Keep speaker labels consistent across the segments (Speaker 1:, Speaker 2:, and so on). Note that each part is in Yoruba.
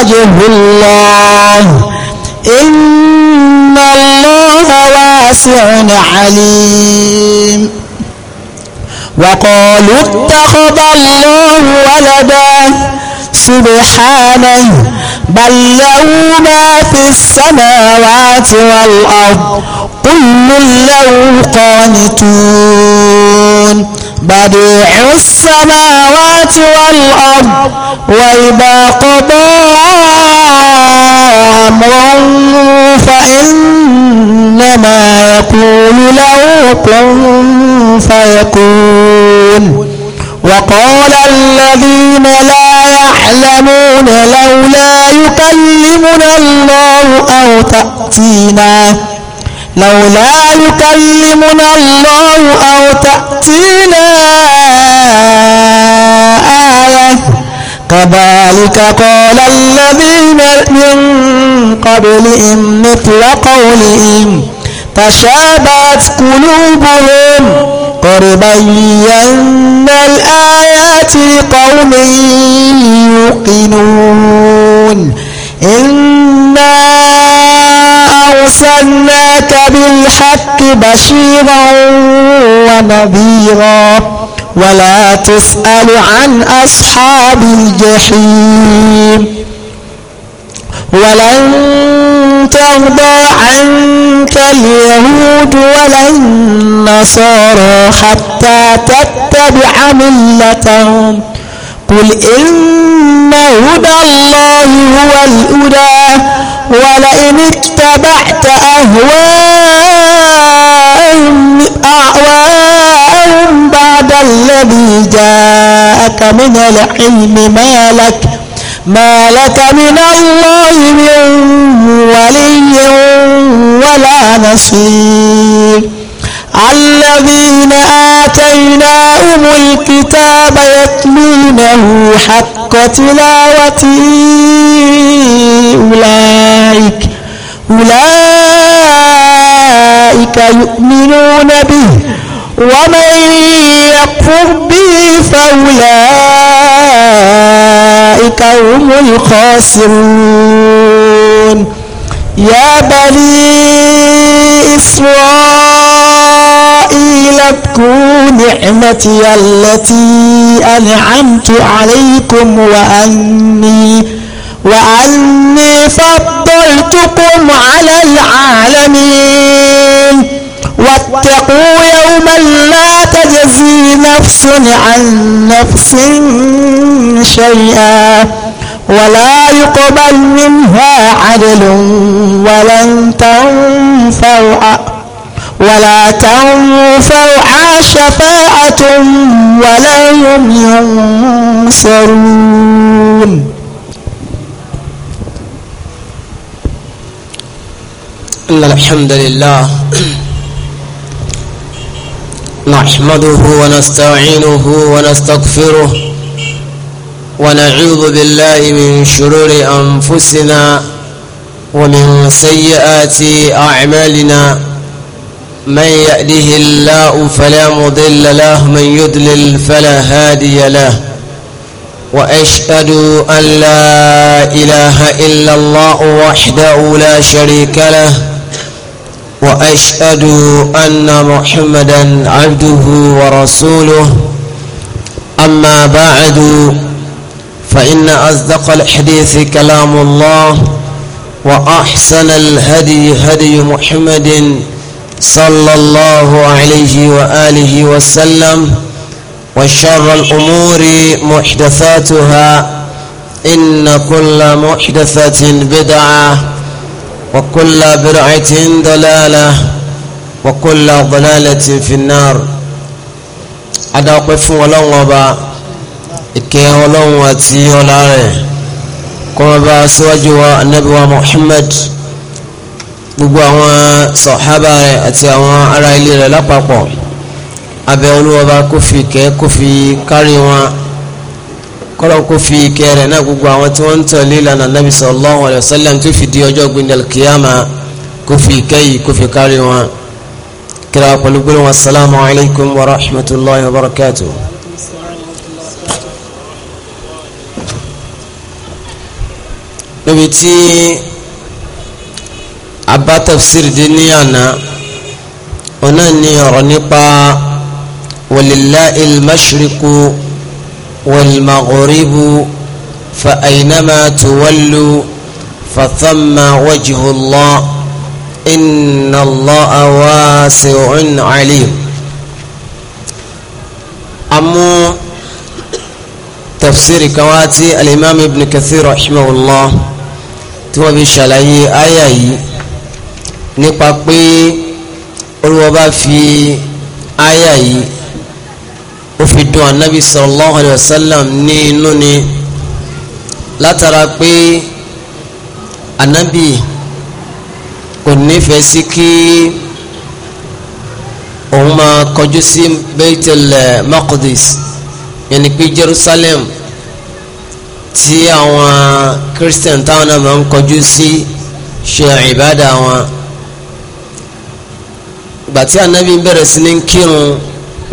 Speaker 1: وجه الله
Speaker 2: إن الله واسع عليم وقالوا اتخذ الله ولدا سبحانه بل له ما في السماوات والأرض كل له قانتون بديع السماوات والأرض وإذا قضى أمرا فإنما يقول له كن فيكون وقال الذين لا يعلمون لولا يكلمنا الله أو تأتينا لولا يكلمنا الله أو تأتينا آية كذلك قال الذين من قبلهم مثل قولهم تشابهت قلوبهم قد بينا الآيات لقوم يوقنون إن أرسلناك بالحق بشيرا ونذيرا ولا تسأل عن أصحاب الجحيم ولن ترضى عنك اليهود ولا النصارى حتى تتبع ملتهم قل إن هدى الله هو الهدى ولئن اتبعت أهواءهم أهواءهم بعد الذي جاءك من العلم ما لك ما لك من الله من ولي ولا نصير الذين آتيناهم الكتاب يتلونه حق تلاوته أولئك أولئك يؤمنون به ومن يكفر به فأولئك هم الخاسرون يا بني إسرائيل اذكروا نعمتي التي أنعمت عليكم وأني وأني فضل فضلتكم على العالمين واتقوا يوما لا تجزي نفس عن نفس شيئا ولا يقبل منها عدل ولن تنفوا ولا تنفوا شفاعة ولا هم ينصرون
Speaker 3: إن الحمد لله نحمده ونستعينه ونستغفره ونعوذ بالله من شرور أنفسنا ومن سيئات أعمالنا من يأله الله فلا مضل له من يضلل فلا هادي له وأشهد أن لا إله إلا الله وحده لا شريك له وأشهد أن محمدا عبده ورسوله أما بعد فإن أصدق الحديث كلام الله وأحسن الهدي هدي محمد صلى الله عليه وآله وسلم وشر الأمور محدثاتها إن كل محدثة بدعة وكل برعة ضلالة وكل ضلالة في النار أدعوك فو ولون وبا إكي ولون واتي ولاره كما با سواجه النبي محمد gbogbo àwọn sọ̀hábà rẹ̀ àti àwọn ará ilé rẹ̀ lápapọ̀ abẹ́ olúwọba kó fi kẹ́ kó fi kárí wọn kọ́lọ́n kó fi kẹrẹ̀ náà gbogbo àwọn tí wọ́n ń tọ̀ lílànà nàbì sallallahu alayhi wa sallam tó fi di ọjọ́ gbendal kiyama kó fi kẹ́yì kó fi kárí wọn kíra pẹ̀lú gbólóhùn asalaamu alaykum wa rahmatulahi wa barakatuh. níbi tí abá di ní àná ọ̀nà ni ọ̀rọ̀ nípa walillahi al والمغرب فأينما تولوا فثم وجه الله إن الله واسع عليم أمو تفسير كواتي الإمام ابن كثير رحمه الله توبي شلعي آيائي نقاقي olùwọ́ba fi áyà ó fi dùn anabi sallallahu alayhi wa sallam ní inú ni látara pé anabi kò nífẹ̀ẹ́ sí kí òun máa kọjú sí Baitul Maqdis yẹn ni pé Jerusalem tí àwọn Christian táwọn náà máa ń kọjú sí ṣe ìbádà wọn ìgbà anabi bẹ̀rẹ̀ sí ní kírun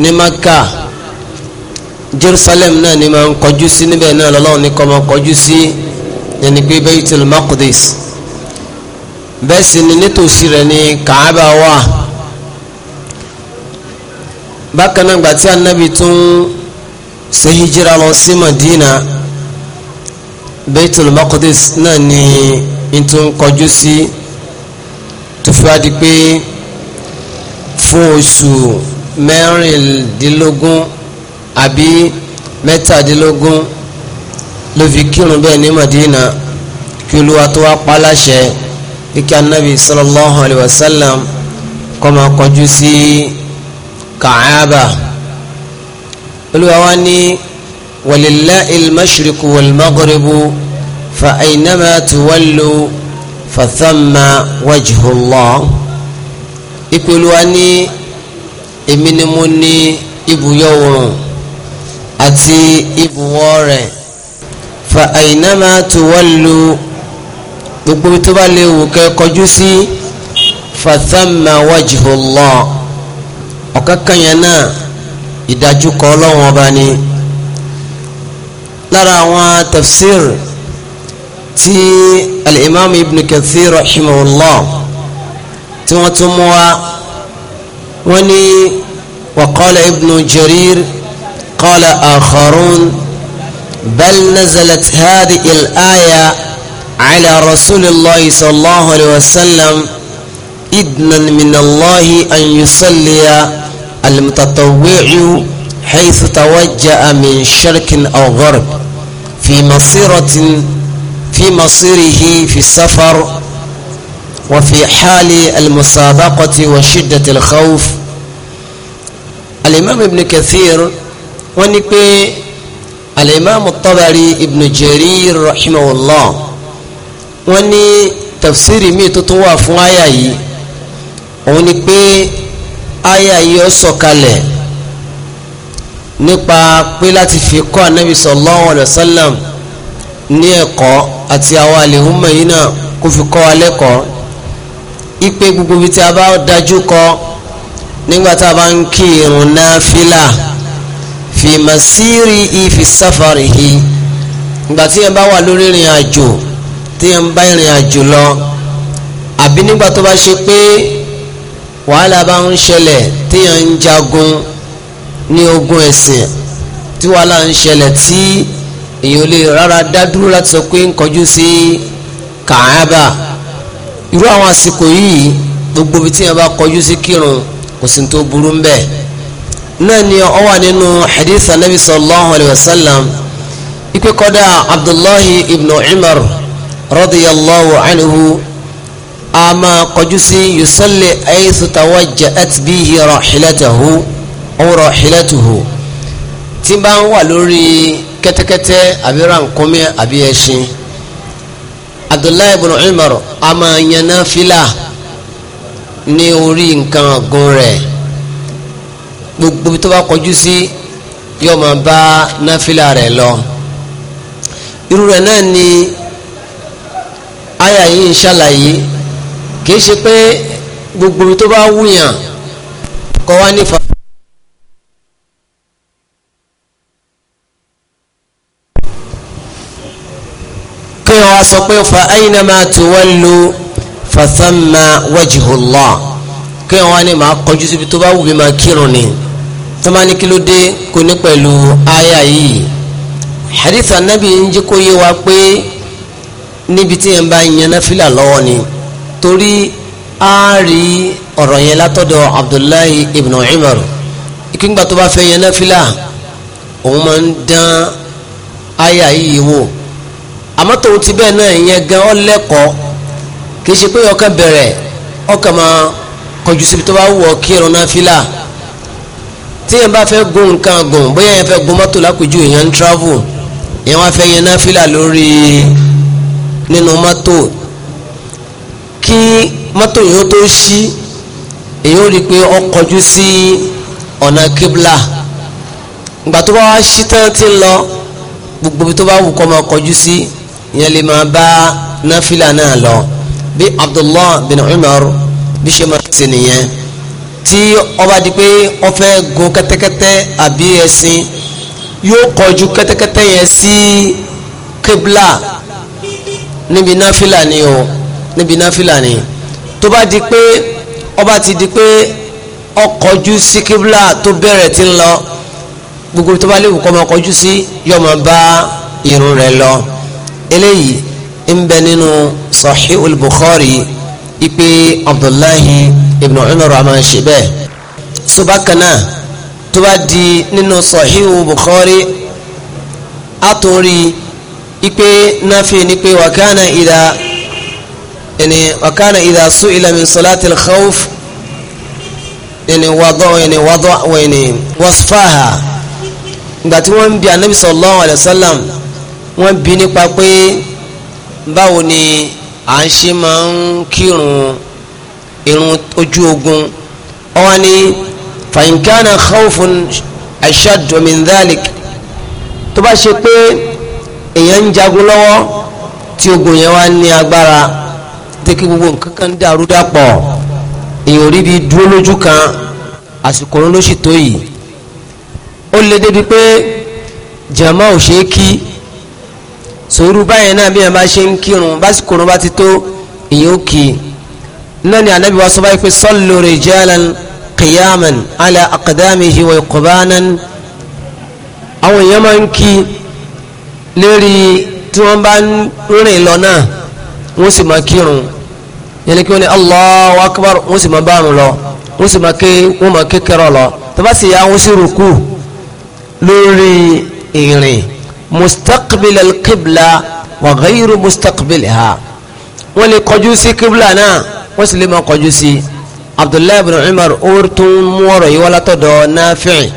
Speaker 3: ní Maka. Jerusalem náà ni máa ń kọjú sí níbẹ̀ náà lọ́lọ́run ní kọ́ máa kọjú sí yẹnni pé Baitul Maqdis bẹ́ẹ̀ sì ni nítòsí rẹ̀ ni Kaaba wà bákan náà gbàtí anabi tún ṣe hijira lọ sí Madina Baitul Maqdis náà ni ìtún kọjú sí tó fi wá di pé fún oṣù mẹ́rìndínlógún àbí mẹ́tàdínlógún ló fi kírun bẹ́ẹ̀ ní Madina kí olúwa tó wá pa láṣẹ kíkẹ́ anábì sallallahu alayhi wa sallam kó máa kọjú sí Kaaba olúwa wá ní walillahi al-mashriqu wal-maghribu fa aynama tuwallu fa thamma wajhullah ìpè ní èmi ni mo ní ibùyọ̀ oòrùn àti ibùwọ̀ rẹ̀ fa àyìnámà tó wọ́lu gbogbo tó bá lè wù kẹ́ kọjú sí fathamma wajhullah ọ̀kankan yẹn náà ìdájúkọ ọlọ́wọ́n ọba ni lára àwọn tafsir ti al ibn kathir rahimahullah tí wọ́n tún mú wa wọ́n ní wa ibn jarir. وقال آخرون بل نزلت هذه الآية على رسول الله صلى الله عليه وسلم إذنا من الله أن يصلي المتطوع حيث توجه من شرق أو غرب في مصيرة في مصيره في السفر وفي حال المسابقة وشدة الخوف الإمام ابن كثير wọ́n ní pé alimami tabari ibn jarir rahimahullah wọ́n ní tafsiri míì tó tún wà fún àyà yìí òun ni pé àyà yìí ó sọ̀kalẹ̀ nípa pé láti fi kọ́ anabi sallallahu alayhi wa sallam ní ẹ̀kọ́ àti àwọn àlehùnmọ̀ yìí náà kó fi kọ́ wa ipe gbogbo bíi tí a bá dájú kọ nígbà tá a bá ń kí irun náà fílà fi masiri ifi safari hi ìgbà tí yẹn bá wà lórí ìrìn àjò tí yẹn bá ìrìn àjò lọ àbí nígbà tó bá ṣe pé wàhálà bá ń ṣẹlẹ̀ tí yẹn ń jagun ní ogun ẹ̀sìn tí wàhálà ń ṣẹlẹ̀ tí èyàn lè rárá dá dúró láti sọ pé ń kọjú sí kàábà irú àwọn àsìkò yìí gbogbo ibi tí yẹn bá kọjú sí kírun kò sí tó burú ń bẹ́ẹ̀ náà ni ó wà nínú hadith anabi sallallahu alayhi wa sallam ikú kọ́dà abdullahi ibn umar radiyallahu anhu a máa kọjú sí yusalli aysu tawajja'at bihi rahilatahu aw rahilatuhu tí bá ń wà lórí kẹ́tẹ́kẹ́tẹ́ àbí ránkómi àbí ẹṣin abdullahi ibn umar a máa ní orí nǹkan ọ̀gùn rẹ̀ tó bá kọjú sí yóò máa bá náfìlà rẹ̀ lọ irú rẹ̀ náà ni àyà yìí ń ṣàlàyé kìí ṣe pé gbogbo tó bá wúyàn kọ wá nífa. kí wọ́n wá sọ pé fa aynama tuwallu fa thamma wajhullah kí wọ́n wá ní màá kọjú síbi tó bá wù mí máa kírun ni tó máa ní kí ló dé kò ní pẹ̀lú aya yìí hadith anabi ń jẹ́ kó yé wa pé níbi tí yẹn bá yan náfìlà lọ́wọ́ ni torí a rí ọ̀rọ̀ yẹn látọ̀dọ̀ abdullahi ibn umar ìkíngbà tó bá fẹ́ yan náfìlà òun máa ń dán aya yìí wò àmọ́ tòun ti bẹ́ẹ̀ náà yẹn gan ọ́ lẹ́kọ̀ọ́ kì í ṣe pé ọkàn bẹ̀rẹ̀ ọkàn máa kọjú síbi tó bá wù ọ́ kí ẹ̀rọ náfìlà tí yẹn bá fẹ́ gun nǹkan gùn bóyá yẹn fẹ́ gun mọ́tò lápèjú èèyàn ń travel yẹn wá fẹ́ yẹn náfìlà lórí nínú mọ́tò kí mọ́tò yẹn tó ṣí èyí ó rí i pé ó kọjú sí ọ̀nà kíbla ìgbà tó bá wá ṣí tán ti ń lọ gbogbo tó bá wù kọ́ máa kọjú sí yẹn lè máa bá náfìlà náà lọ bí Abdullah bin Umar bí ṣe máa ṣe nìyẹn tí ọba di pé ó fẹ́ gun kẹ́tẹ́kẹ́tẹ́ àbí ẹṣin yóò kọjú kẹ́tẹ́kẹ́tẹ́ yẹn sí kébìlà níbi náfìlà ni o níbi náfìlà ni tó bá di pé ọba ti di pé ó kọjú sí kébìlà tó bẹ̀rẹ̀ ti ń lọ gbogbo tó bá léwu kọ́ máa kọjú sí yóò máa bá irun rẹ̀ lọ eléyìí ń bẹ nínú Sahihul Bukhari ipe abdullahi ibn umar aman ṣe bẹ́ẹ̀ so bákan náà tó bá di nínú sahihu bukhari àtúnrí ipe nafi ni pé wàkánà ìdá ẹni wàkánà ìdá su'ila min salati al-khawf ẹni wàdọ́ ẹni wàdọ́ ẹni wasfaha ìgbà tí wọ́n bi anabi sallallahu alayhi wa sallam wọ́n bi nípa pé báwo ni à ń ṣe máa ń kírun irun ojú ogun ọwọ́ ni fàyínkáná khawfun ashaddu min dhalik tó bá ṣe pé èèyàn ń jagun lọ́wọ́ tí ogun yẹn wá ní agbára tí kí gbogbo nǹkan kan dàrú dàpọ̀ èèyàn rí bí dúró lójú kan àsìkò ló sì yìí ó lé débi pé jàmá ò ṣe é kí sòrú báyẹn náà bí wọn bá ṣe ń kírun básìkò òun bá ti tó èyí ó kì í náà ni anabi wa sọ báyìí pé sallu rijalan qiyaman ala aqdamihi wa qubanan àwọn èèyàn máa ń kí lérí tí wọ́n bá ń rìn lọ náà wọ́n sì máa kírun yẹn ni kí wọ́n ní Allahu akbar wọ́n sì máa bá àrùn lọ wọ́n sì máa ké wọ́n máa ké kẹrọ lọ tó bá sì yá wọ́n sì rùkú lórí ìrìn mustaqbil alqibla wa ghayru mustaqbilha wọ́n lè kọjú sí qibla náà wọ́n sì lè máa kọjú sí abdullahi bin umar umar tún mú ọ̀rọ̀ yìí wá látọ̀dọ̀ nafi'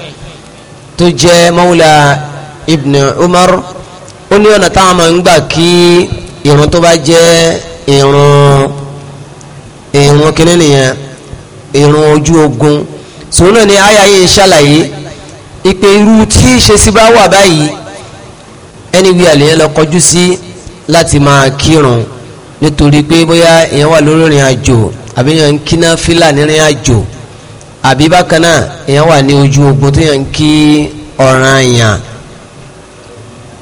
Speaker 3: tó jẹ́ mawla ibn umar ó ní ọ̀nà táwọn máa ń gbà kí irun tó bá jẹ́ irun irun kínní nìyẹn irun ojú ogun sòwò ni àyà ń ṣàlàyé ìpè irú tí ìṣesí bá wà báyìí ẹni wí àlèyàn lọ kọjú sí láti máa kírun nítorí pé bóyá èèyàn wà lórí ìrìn àjò àbí èèyàn ń kíná fílà nírìn àjò àbí bákan náà èèyàn wà ní ojú ogun tó yàn ń kí ọ̀ràn àyàn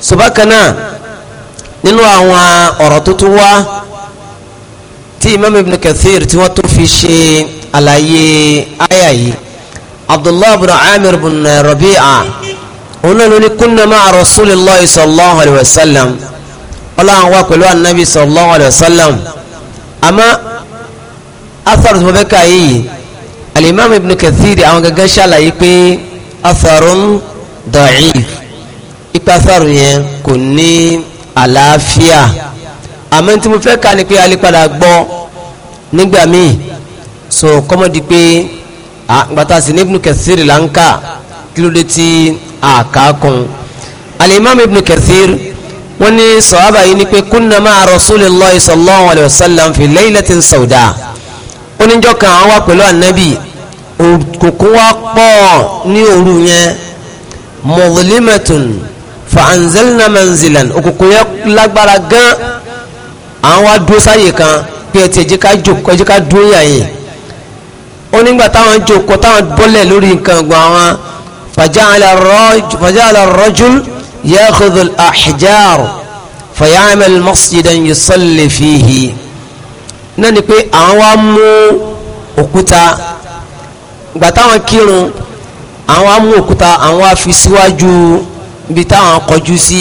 Speaker 3: so bákan náà nínú àwọn ọ̀rọ̀ tó tún wá tí imam ibn kathir tí wọ́n tún fi ṣe àlàyé àyà yìí abdullahi bin amir bin rabi'a òun náà ló ní kunna ma'a rasulillahi sallallahu alayhi wa sallam ọlọ́run wa pẹ̀lú anabi sallallahu alayhi wa sallam àmọ́ atharu tó fẹ́ ká yìí alimami ibn kathiri àwọn gangan ṣàlàyé pé atharun da'if ipa atharu yẹn kò ní àlàáfíà àmọ́ tí mo fẹ́ ká ni pé alipadà gbọ́ nígbà míì so kọ́mọ́dé pé àgbàtà sí ní ibn kathiri là ń kà kí ló dé tí àká kún alimami ibn kathir wọ́n ní sọ̀hábà yìí ni pé kunna ma'a rasulillahi sallallahu alayhi wa sallam fi laylatin sawda oníjọ́ kan àwọn wà pẹ̀lú anabi òkùnkùn wa pọ̀ ní òru yẹn mudlimatun fa anzalna manzilan òkùnkùn yẹn lágbára gan àwọn wa dúró sáyè kan pé ẹ ti ẹjẹ ká jókòó ẹjẹ ká dúró yà yìí onígbà táwọn jókòó táwọn bọ́lẹ̀ lórí nǹkan gbọ́n فجعل الرجل فجعل الرجل ياخذ الاحجار فيعمل مسجدا يصلي فيه nani pé àwọn wa mú òkúta ìgbà táwọn kírun àwọn wa mú òkúta àwọn wa fi síwájú ibi táwọn kọjú sí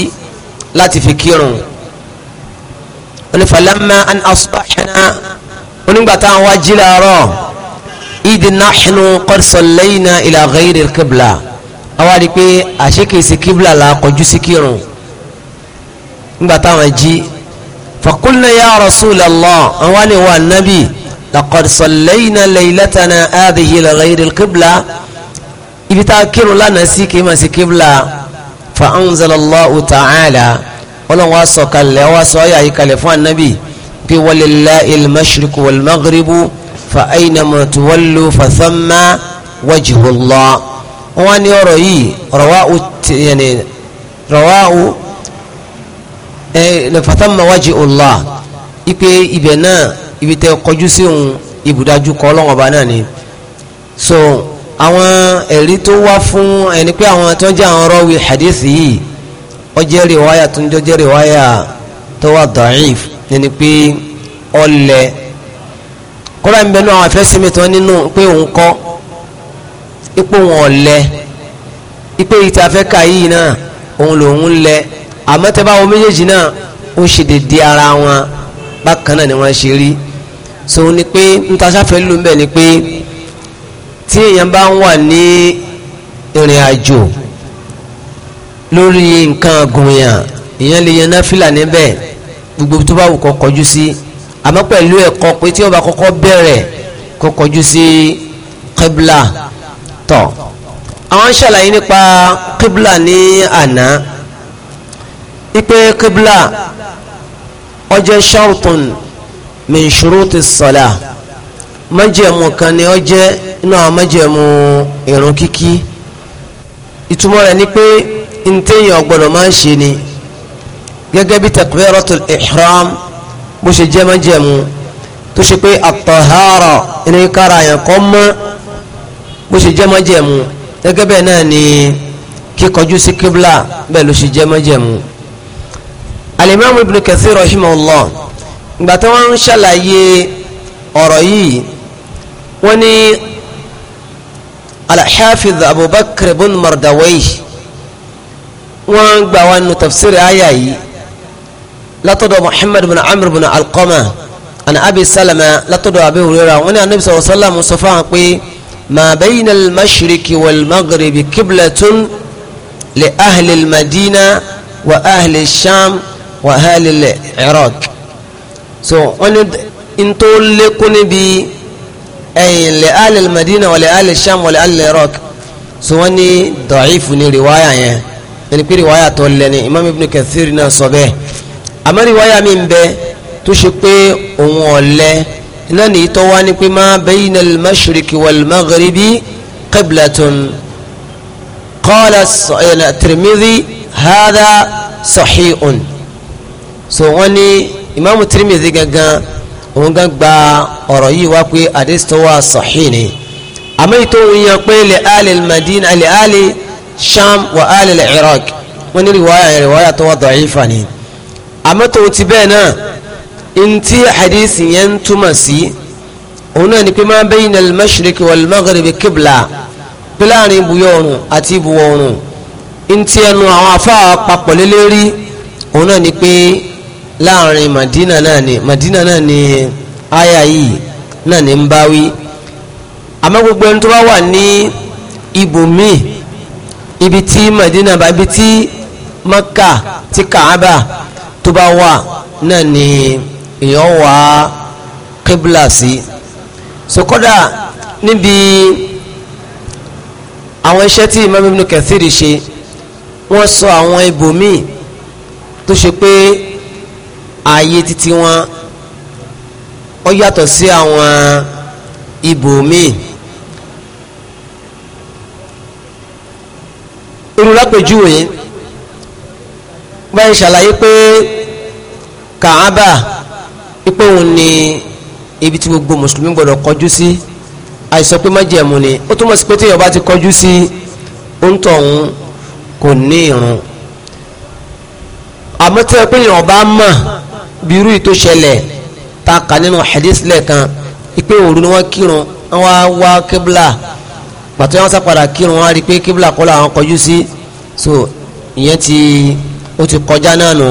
Speaker 3: láti fi kírun onífàlámà an asbahna onígbà táwọn wa jí làárọ̀ idh nahnu qad sallayna ila ghayri al-qibla àwa di pé àṣekèsè kíbla la kọjú sí kírun nígbà táwọn jí fakulna ya rasulallah àwa lè wà nábì laqad sallayna laylatana adhihi laghayri alqibla ibi tá a kírun lánàá sí kìí máa sí kíbla fa anzalallahu ta'ala ọlọ́run wa sọ kalẹ̀ wa sọ ayé àyíkalẹ̀ fún anabi pé walillahi almashriqu walmaghribu fa aynama tuwallu fa thamma wajhullah wọ́n ní ọ̀rọ̀ yìí rọwáwù yẹnì rọwáwù ẹ lẹfàtàmà wájú ọlá ipe ibẹ̀ náà ibi tẹ kọjú sí òun ibùdájú kọ ọlọ́wọ́ba náà ni so àwọn ẹ̀rí tó wá fún ẹni pé àwọn tó jẹ́ àwọn rọ́wì hadith yìí ó jẹ́ rìwáyà tó ń jọ jẹ́ rìwáyà tó wà da'if nínú pé ọlẹ̀ kọ́lá ń bẹnu àwọn afẹ́sìmẹ́tọ́ nínú pé òun kọ́ ipò wọn lẹ ipò yìí tí a fẹ́ ka yìí náà òun lòun lẹ àmọ́ tẹ́ bá wo méjèèjì náà ó ṣe dédé ara wọn bákan náà ni wọ́n ṣe rí so ni pé ntaṣàfẹ́ ló ń bẹ̀ ni pé tí èèyàn bá ń wà ní ìrìn àjò lórí nǹkan gùnyàn èèyàn lè yan náfìlà níbẹ̀ gbogbo tó bá wù kó kọjú sí àmọ́ pẹ̀lú ẹ̀kọ́ pé tí ó bá kọ́kọ́ bẹ̀rẹ̀ kó kọjú sí kébìlà tọ̀ àwọn ṣàlàyé nípa kíbla ní àná ipe kíbla ó jẹ́ shartun min shuruti salah májẹ̀mú kan ni ó jẹ́ inú àwọn májẹ̀mú ìrun kíkí ìtumọ̀ rẹ̀ ni pé ntẹ́yìn ọ̀gbọ́dọ̀ máa ń ṣe ni gẹ́gẹ́ bí takbiratul ihram bó ṣe jẹ́ májẹ̀mú tó ṣe pé at-tahara kára yẹn kọ́ mọ́ bó ṣe jẹ́ májẹ̀mú gẹ́gẹ́ bẹ́ẹ̀ náà ni kíkọjú sí kíbla bẹ́ẹ̀ ló ṣe jẹ́ májẹ̀mú. alimami ibn kathir rahimahullah ìgbà tí wọ́n ń ṣàlàyé ọ̀rọ̀ yìí wọ́n ní alḥafiz abubakar bin mardawai wọ́n gbà wá nínú tafsiri àyà yìí látọ̀dọ̀ muhammad bin amr bin alqama an abi salama látọ̀dọ̀ abi hurera wọ́n ní anabi sallallahu alaihi wa sallam sọ fáwọn pé. ما بين المشرق والمغرب قبلة لأهل المدينة وأهل الشام وأهل العراق so wọ́n ní tó lékún níbi ẹ̀yìn لأهل المدينة ولأهل الشام ولأهل العراق so wọ́n ní dọ̀ọ́ìfù ní rìwáyà yẹn ẹni pé rìwáyà tó lẹ́ni Imam Ibn Kathir náà sọ bẹ́ẹ̀ àmọ́ mi ń bẹ tó ṣe pé òun ọ̀lẹ́ iná nìyí tó wá ní pé ma bayna al-mashriqi wal-maghribi qiblatun qala Tirmidhi hadha sahihun so wọ́n ní imaamu Tirmidhi gangan òun gan gba ọ̀rọ̀ yìí wá pé hadith tó wá sahih ni àmọ́ ètò òun yàn pé li ahli al-Madina li Sham wa ahli al-Iraq wọ́n ní riwaayà riwaayà tó wá da'ifa ni àmọ́ tó ti bẹ́ẹ̀ náà ntí hadith yẹn ń túmọ̀ sí òun náà ni pé ma bayna al-mashriq wal-maghrib qibla pé láàrin ibùyọ̀ ọ̀run àti ibùwọ̀ ọ̀run ntí ẹnu àwọn afáà papọ̀ lélẹ́rí òun náà ni pé láàrin Madina náà ni Madina náà ni aya yìí náà ni ń báwí àmọ́ gbogbo ẹni tó bá wà ní ibòmíì ibi tí Madina bá ibi tí Maka ti Kaaba tó bá wà náà ni èèyàn wà kíbla sí sokọ́dà níbi àwọn iṣẹ́ tí Imam Ibn Kathir ṣe wọ́n sọ àwọn ibòmíì tó ṣe pé ààyè títí wọn ó yàtọ̀ sí àwọn ibòmíì irúlápẹ̀júwe báyìí ṣàlàyé pé kàábà ipe òun ni ibi tí gbogbo mùsùlùmí gbọdọ̀ kọjú sí àìsàn pé májẹ̀mú ni ó túmọ̀ sí pé téèyàn bá ti kọjú sí òǹtọ̀hún kò ní ìrun àmọ́ tí wọ́n pè ní ọba bí irú ìtò ṣẹlẹ̀ ta kà nínú hadith lẹ́ẹ̀kan ipe òru ni wọ́n kírun wọ́n wá kébìlà pàtó wọn sápadà kírun wọ́n rí i pé kébìlà kọ́ làwọn kọjú sí so ìyẹn ti ó ti kọjá náà nù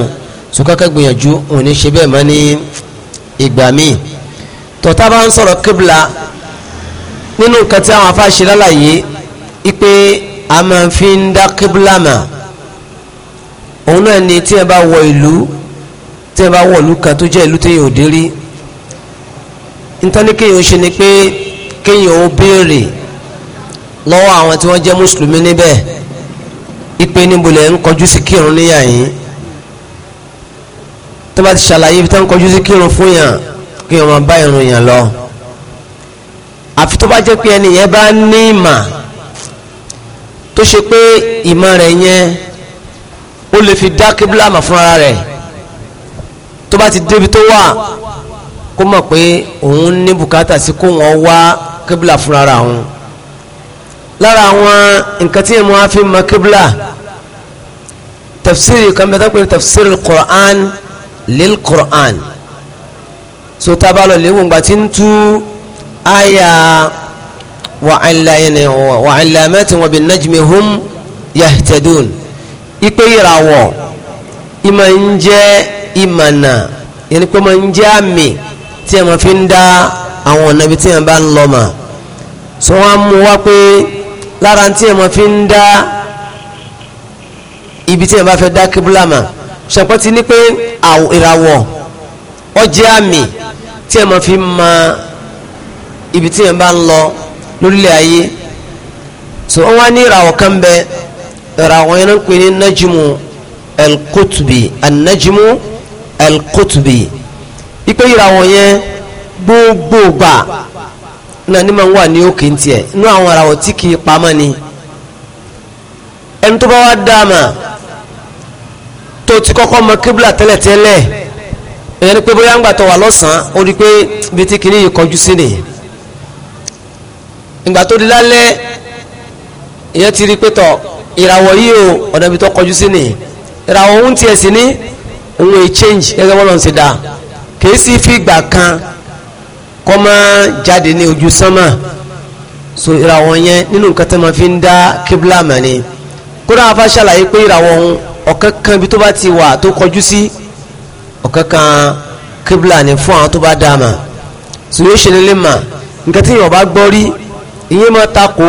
Speaker 3: so kẹ́kẹ́ gbìyànjú òun ní ṣe bẹ́ẹ̀ mọ́ ní ìgbà míì tọ́tà bá ń sọ̀rọ̀ kíbla nínú nǹkan tí àwọn afáṣe lálàyé ipe a máa fi ń dá kíbla mà òun náà ni tí ẹ bá wọ ìlú tí ẹ bá wọ ìlú kan tó jẹ́ ìlú tí yóò dé rí nítorí kéèyàn ṣe ni pé kéèyàn ó béèrè lọ́wọ́ àwọn tí wọ́n jẹ́ mùsùlùmí níbẹ̀ ipe níbo lẹ̀ ń kọjú sí kírun níyà yín tó bá ti ṣàlàyé ibi tó ń kọjú sí kírun fún yàn kí wọn máa bá irun yàn lọ àfi tó bá jẹ́ pé ẹni yẹn bá ní ìmà tó ṣe pé ìmọ̀ rẹ̀ yẹn ó lè fi dá kíbla mà fúnra rẹ̀ tó bá ti débi tó wà kó mọ̀ pé òun ní bùkátà sí kó wọn wá kíbla fúnra òun lára àwọn nǹkan tí èèmọ̀ á fi mọ kíbla tafsiri kan bẹ́ẹ̀ tó ń pè Qur'an lil Qur'an so tabalọ lewu ngba ti n tu aya wa alamatin wa bin najmi hum yahtadun ipe ìràwọ̀ ima n jẹ́ imana yẹni pé ma ń jẹ́ àmì tí a ma fi ń dá àwọn ọ̀nà ibi tí a so wọn mú wá pé lára tí ma fi ń ibi tí a bá fẹ́ dá kíbúlà sọpọ́ ti ní pé ìràwọ̀ ó jẹ́ àmì tí ẹ̀ mọ̀ fi ma ibi tí ẹ̀ bá ń lọ lórílẹ̀ ayé so wọ́n wá ní ìràwọ̀ kan bẹ ìràwọ̀ yẹn ń pè ní nájìmù al-Qutbi anájìmù al-Qutbi ipe ìràwọ̀ yẹn gbogbo gbà náà ní máa ń wà ní òkè ń inú àwọn ìràwọ̀ tí kì í pamọ́ ni ẹni tó bá wá dáa máa tó ti kọ́kọ́ mọ kíbla tẹ́lẹ̀tẹ́lẹ̀ ìyẹn ni pé bóyá ń gbà tó wà lọ́sàn-án ó rí pé bí tí kìíní yìí kọjú sí ni ìgbà tó di lálẹ́ ìyẹn ti rí pé tọ̀ ìràwọ̀ yìí o ọ̀nà ibi tó kọjú sí ni ìràwọ̀ òun tiẹ̀ sí ní òun è change gẹ́gẹ́ bọ́lọ̀ ń ṣe dáa kìí sí fi ìgbà kan kọ́ máa jáde ní ojú sánmà so ìràwọ̀ yẹn nínú nǹkan tó máa fi ń dá kíbla mọ̀ ni kódà afá ṣàlàyé pé ìràwọ̀ òun ọ̀kankan ibi tó bá ti wà tó kọjú sí ọ̀kankan kíbla ní fún àwọn tó bá dá mà sùn yóò ṣe lélẹ́ mà nǹkan tí èèyàn bá gbọ́ rí ìyẹn máa takò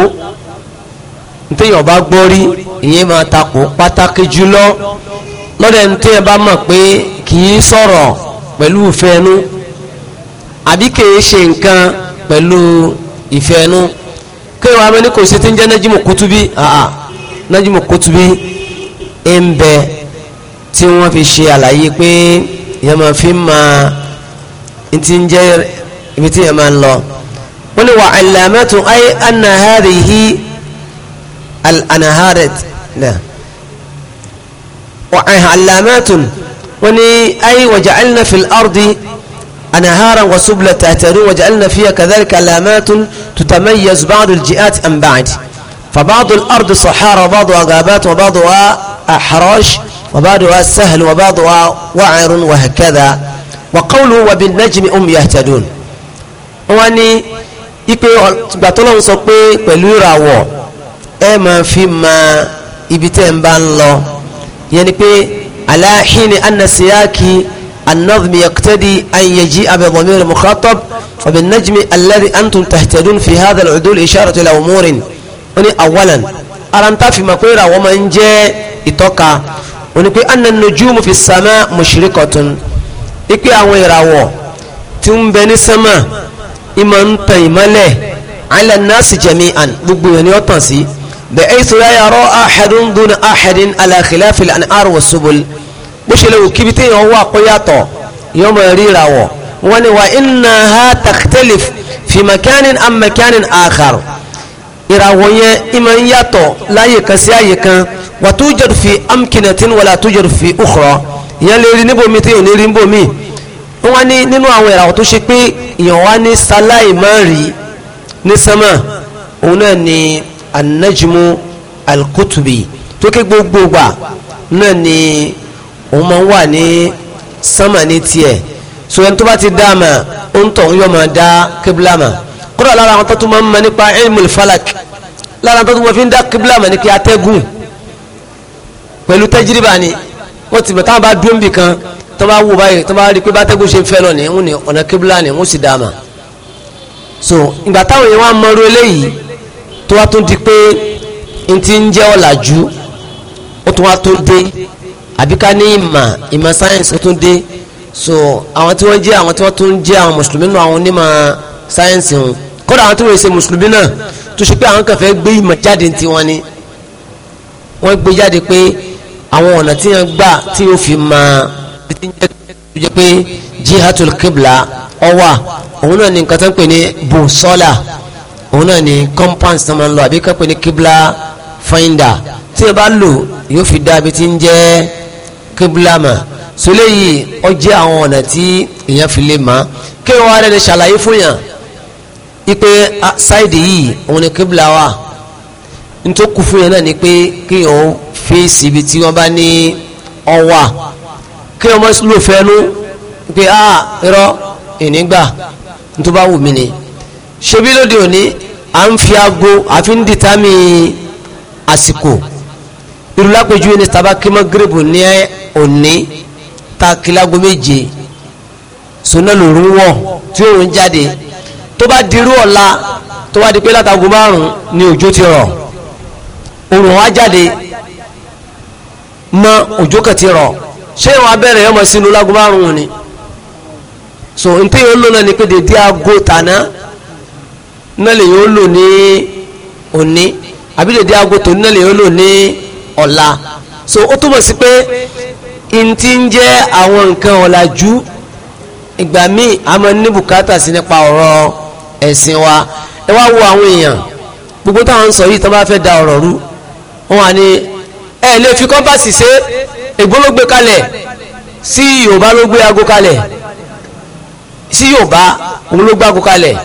Speaker 3: nǹkan tí èèyàn bá gbọ́ rí ìyẹn máa takò pàtàkì jùlọ lọ́dẹ̀ tí èèyàn bá mọ̀ pé kì í sọ̀rọ̀ pẹ̀lú ìfẹ́ àbí kì í ṣe nǹkan pẹ̀lú ìfẹ́ ẹnu kéwàá mẹ́ni kò sí ti ń jẹ́ nájímù kútúbí nájímù kútúbí. ń bẹ tí wọ́n fi ṣe àlàyé pé ìyẹn máa fi máa ń ti ń jẹ́ ibi tí ìyẹn máa ń lọ wọ́n lè wà àlàmẹ́tò ayé anahari hi anaharet wà àlàmẹ́tò wọ́n ní ayé wàjà fil ardi أنهارا وسبلا تهتدون وجعلنا فيها كذلك علامات تتميز بعض الجئات عن بعض فبعض الأرض صحارى وبعضها غابات وبعضها أحراش وبعضها سهل وبعضها وعر وهكذا وقوله وبالنجم أم يهتدون wọ́n ní ipe ìgbà tó lọ́wọ́ sọ pé pẹ̀lú ìràwọ̀ ẹ máa fi ma ibi tẹ́ ń bá ń lọ yẹn ni pé aláhìní anasiyaki anadmi yaktadi anyaji abẹ́bọ̀mí rẹ̀ mukhatab وبالنجم الذي أنتم تهتدون في هذا العدول إشارة إلى أمور أولا ara ń tàfi mọ̀ pé ìràwọ̀ máa ń jẹ́ ìtọ́ka òní pé anna nujumu fi sama mushrikatun ipe àwọn ìràwọ̀ tí ń bẹ ní sánmà ìmọ̀ ń tàn ìmọ́lẹ̀ ala nasi jami'an gbogbo yẹn ni ó tàn sí bẹ́ẹ̀ ìṣúra yàrá ahadun duna ahadin ala khilafil an'ar wa subul bó ṣe lè wò kíbi téèyàn wà kó yàtọ̀ yóò máa rí ìràwọ̀ wọn ni wà innaha takhtalif fi makanin am makanin ìràwọ̀ yẹn ìmọ̀ ń yàtọ̀ láyè kan sí àyè kan wà tó jẹ́rù fi amkinatin wala tó jẹ́rù fi ukhra ìyẹn lè rí níbomi tí èèyàn lè rí níbomi wọ́n ní nínú àwọn ìràwọ̀ tó ṣe pé èèyàn wá ní sáláì má rí ní sánmà òun náà ni anajmu alkutubi tó ké gbogbo náà ni òun máa ń wà ní sánmà ní tiẹ̀ so ẹni tó bá ti dá àmà ó ń tọ̀ ń yọ̀ máa dá kébìlà máa kúrò lára àwọn tó tún máa ń mọ nípa ilmul falak lára tó tún máa fi ń dá kíbla mọ̀ ní kí atẹ́gùn pẹ̀lú tẹ́jìrìbà ni wọ́n ti bọ̀ táwọn bá dúró níbì kan tó bá wù báyìí tó bá rí pé bátẹ́gùn ṣe ń fẹ́ lọ ní ń ní ọ̀nà kíbla ní ń sì dá mà so ìgbà táwọn èèyàn wá mọ irú eléyìí tó wá tún di pé n ti ń jẹ́ ọ̀làjú ó tún wá tó dé àbí ní ìmọ̀ ìmọ̀ sáyẹ́nsì ó tún dé so àwọn tí wọ́n jẹ́ àwọn tí wọ́n tún jẹ́ àwọn mùsùlùmí nù àwọn onímọ̀ sáyẹ́nsì hùn kódà àwọn tó wọ́n ṣe mùsùlùmí náà tó ṣe pé àwọn kan fẹ́ gbé ìmọ̀ jáde ti wọn ni wọ́n gbé jáde pé àwọn ọ̀nà tí wọ́n gbà tí ó fi máa ti ń jẹ́ pé jihatul kibla ọwà òun náà ni nǹkan tó ń pè ní bùsọ́là òun náà ni compound tó máa ń lọ àbí ká pè ní kibla finder tí wọ́n bá lò yóò fi dá ibi tí ń jẹ́ kibla mà sólè yìí ó jẹ́ àwọn ọ̀nà tí èèyàn fi lè mọ̀ kí wọ́n wá rẹ̀ ṣàlàyé fún yàn ipe ṣáìdì yìí òun ni kíbla wa nítorí kú fún yẹn náà ni pé kí òun fèsì ibi tí wọ́n bá ní ọwà kí ọmọ lò fẹ́ ló pé a irọ́ ìnígbà tó bá wù mí ni ṣebí lóde òní à ń fi aago àfi ń dìtámì àsìkò irúlápẹ̀jú ni taba kímọ́ gírèbù ní òní ta kílágo méje sọ́nà lòrún wọ̀ tí òun jáde tó bá dirú ọ̀la tó bá di pé látago márùn ni òjò ti rọ̀ òrùn wá jáde mọ òjò kan ti rọ̀ ṣé ìwọ̀n abẹ́rẹ́ yọmọ sínú lágo márùn ni so n tí yóò lò náà ni pé dédé aago tàná náà lè yóò lò ní òní àbí dédé aago tòní náà lè yóò lò ní ọ̀la so ó túbọ̀ sí pé n ti ń jẹ́ àwọn nǹkan ọ̀làjú ìgbà míì a ní bùkátà sí nípa ọ̀rọ̀ ẹ̀sìn wa ẹ wá wo àwọn èèyàn gbogbo táwọn ń sọ yìí tó bá fẹ́ da ọ̀rọ̀ rú wọn wà ní ẹ lè fi kọ́mpásì ṣe ègbó ló gbé kalẹ̀ sí yorùbá ló gbé aago kalẹ̀ sí yorùbá òun ló gbé aago kalẹ̀